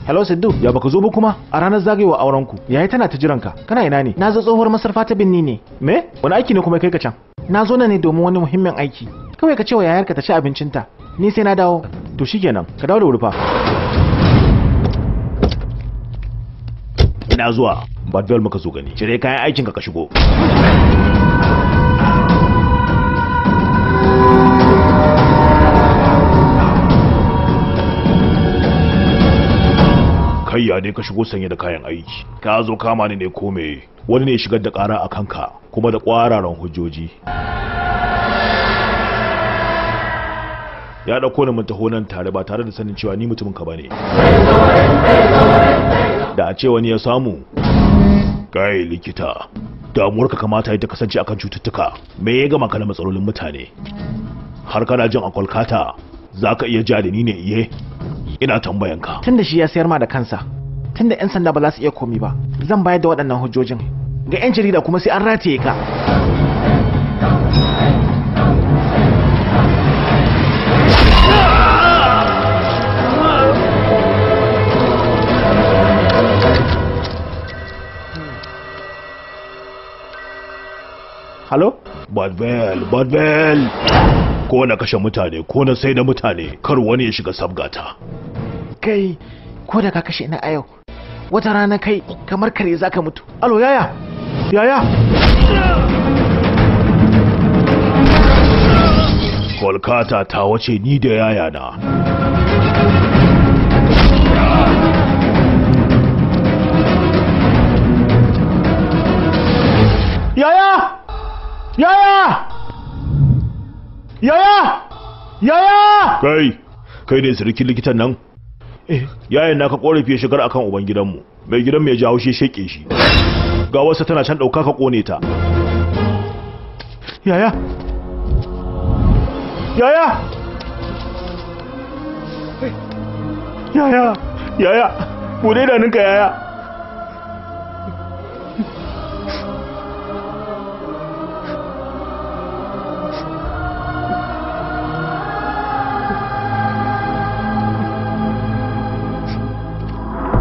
Hello Siddu, ya baka zo ba kuma a ranar zagayewa ku Yayi tana ta jiranka. Kana ina ne? Na zo tsohuwar masarfa ta binni ne. Me? Wani aiki ne kuma kai ka can? Na zo nan ne domin wani muhimmin aiki. Kawai ka ce wa yayarka ta ci abincinta. Ni sai na dawo. To shikenan, ka dawo da wuri fa. Ina zuwa. Badwell muka zo gani. Cire kayan aikinka ka shigo. ya ne ka shigo sanye da kayan aiki ka zo kama ni ne ko me wani ne shigar da kara a kanka kuma da kwararan hujjoji ya ɗauko ni mun taho nan tare ba tare da sanin cewa ni mutumin ka bane da a ce wani ya samu kai likita damuwarka kamata ya ta kasance akan cututtuka me ya gama kana matsalolin mutane har kana jin a kolkata za ka iya ja da ni ne iye eh? ina tambayanka tun da shi ya sayar ma da kansa tunda 'yan sanda ba za su iya komi ba zan bayar da waɗannan hujjojin ga 'yan jarida kuma sai an rataye ka Halo? Badwell, Badwell! Ko na kashe mutane, ko na sai da mutane, kar wani ya shiga sabgata. Kai, ko da ka kashe na a yau, wata rana kai kamar kare ka mutu alo yaya yaya kolkata ta wace ni da yaya na yaya yaya yaya yaya kai kai ne sarki likitan nan Eh. yayin naka korafi ya shigar akan uban gidanmu mai gidan mai jawo shi sheke shi ga wasu tana can dauka ka kone ta yaya yaya yaya yaya bude da ninka yaya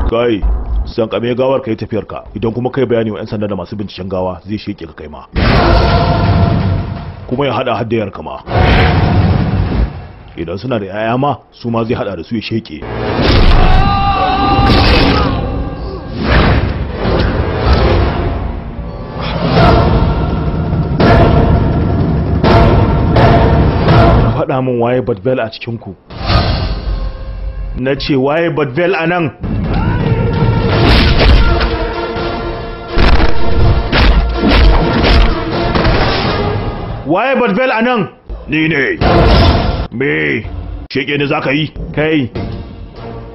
kai san kame gawar kai tafiyar ka idan kuma kai bayani wa 'yan sanda da masu binciken gawa zai sheke ka kai ma kuma ya hada haddayar kama idan suna da 'ya'ya ma su ma zai hada da su ya sheke faɗa min waye badvel a cikinku na ce waye badvel a nan waye badbel a nan ni ne me sheke ne za ka yi kai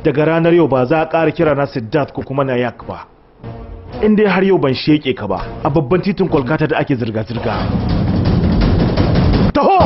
daga ranar yau ba za a ƙara kira na siddharth ko kuma na yak ba in dai har yau ban sheke ka ba a babban titin kolkata da ake zirga-zirga taho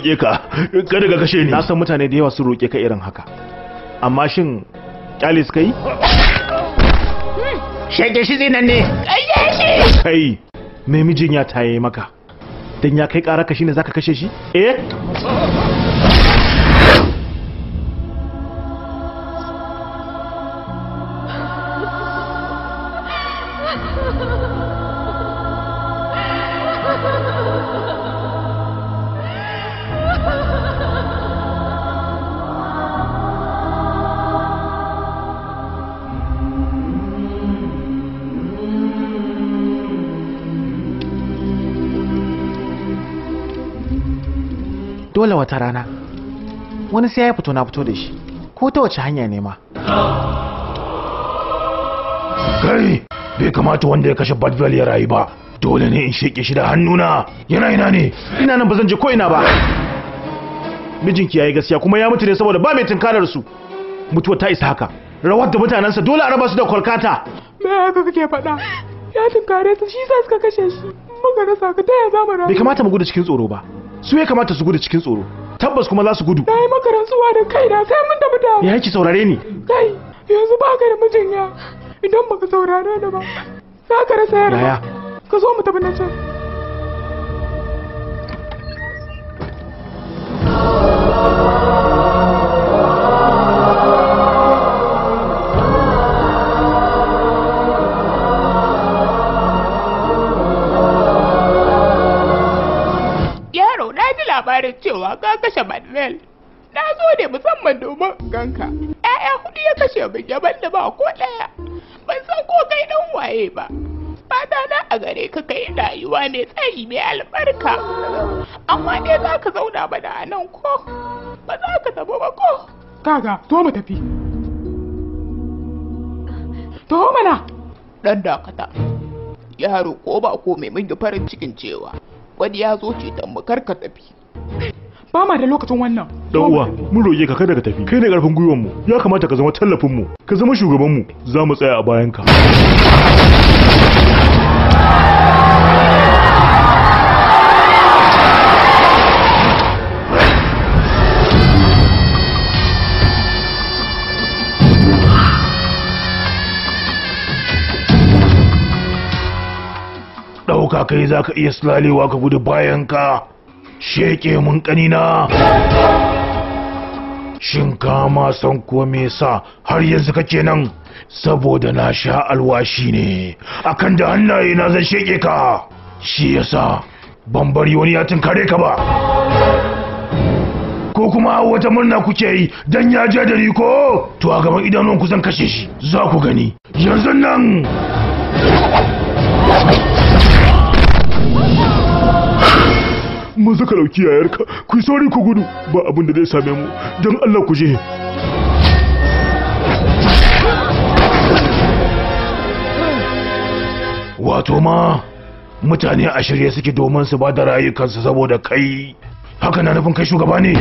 roƙe ka kada ka kashe ni na san mutane da yawa sun roke ka irin haka amma shin kyalis kai shege shi zinan ne kai mai mijin ya taye maka dan ya kai ƙara ka shine zaka kashe shi eh dole wata rana wani sai ya fito na fito da shi ko ta wace hanya ne ma kai bai kamata wanda ya kashe badwell ya rayu ba dole ne in sheke shi da hannuna yana ina ne ina nan ba zan je ko ina ba mijinki yayi gaskiya kuma ya mutu ne saboda ba mai tunkarar su mutuwa ta isa haka rawar da mutanensa dole a raba su da kolkata me haka kake faɗa ya tunkare su shi sa suka kashe shi mun muka rasa ka ta ya zama bai kamata mu gudu cikin tsoro ba su ya kamata su gudu cikin tsoro tabbas kuma za su gudu na yi maka rantsuwa da da sai mun tafi da ya ki saurare ni kai yanzu ba ka da mijin idan baka saurare da ba za ka rasa yarda ka zo mu tafi na can labarin cewa ka kashe Manuel. Na zo ne musamman domin ganka. ‘Ya'ya hudu ya kashe min yaban da ba ko ɗaya. Ban san ko kai ɗan waye ba. Fata na a gare ka kai rayuwa mai tsayi mai albarka. Amma ne za ka zauna ba da nan ko? Ba za ka tafi ba ko? Kaga, to mu tafi. To mana. Ɗan dakata. Yaro ko ba ko mai mun farin cikin cewa. wani ya zo ta, mu kar ka tafi ba ma da lokacin wannan dan uwa mun roke ka kada ka tafi kai ne karfin gwiwar ya kamata ka zama tallafin mu ka zama shugaban mu za mu tsaya a bayan ka ɗauka kai za ka iya slalewa ka gudu bayan ka sheke mun kanina shin ka ma san ko me yasa har yanzu kake nan saboda na sha alwashi ne akan da hannaye na zan sheke ka shi yasa ban bari wani ya tunkare ka ba ko kuma wata murna kuke yi dan ya je da ni ko to a gaban idanun ku zan kashe shi za ku gani yanzu nan mun suka dauki yayarka ku sauri ku gudu ba abin da zai same mu don Allah ku je wato ma mutane a shirye suke domin su ba da rayukansu saboda kai haka na nufin kai shugaba ne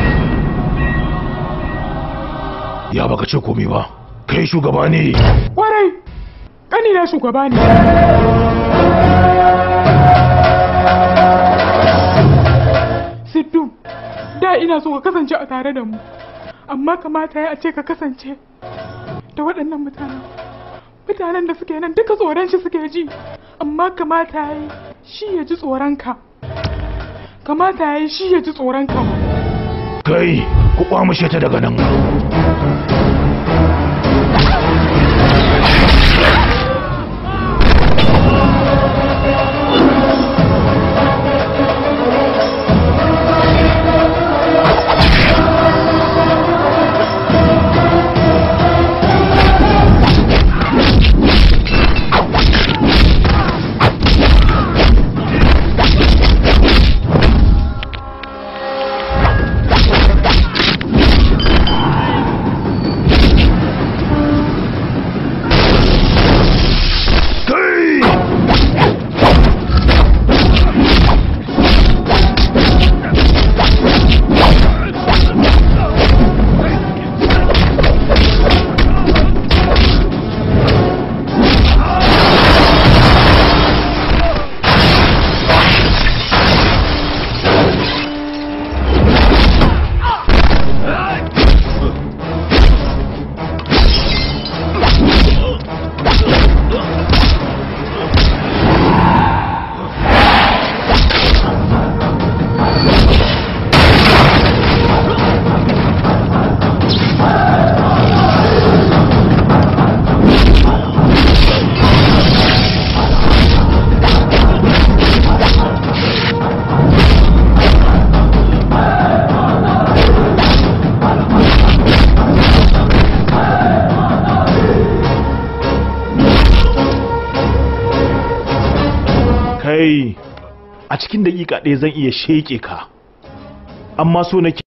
ya baka ce komai ba kai shugaba ne kwarai ƙani na shugaba ne da ina so ka kasance a tare da mu amma kamata ya ce ka kasance da waɗannan mutanen mutanen da suke nan duka tsoron shi suke ji amma kamata ya shi ya ji tsoron ka kamata ya shi ya ji tsoron ka kai ku kwamushe ta daga nan ɗaya zan iya sheƙe ka amma so nake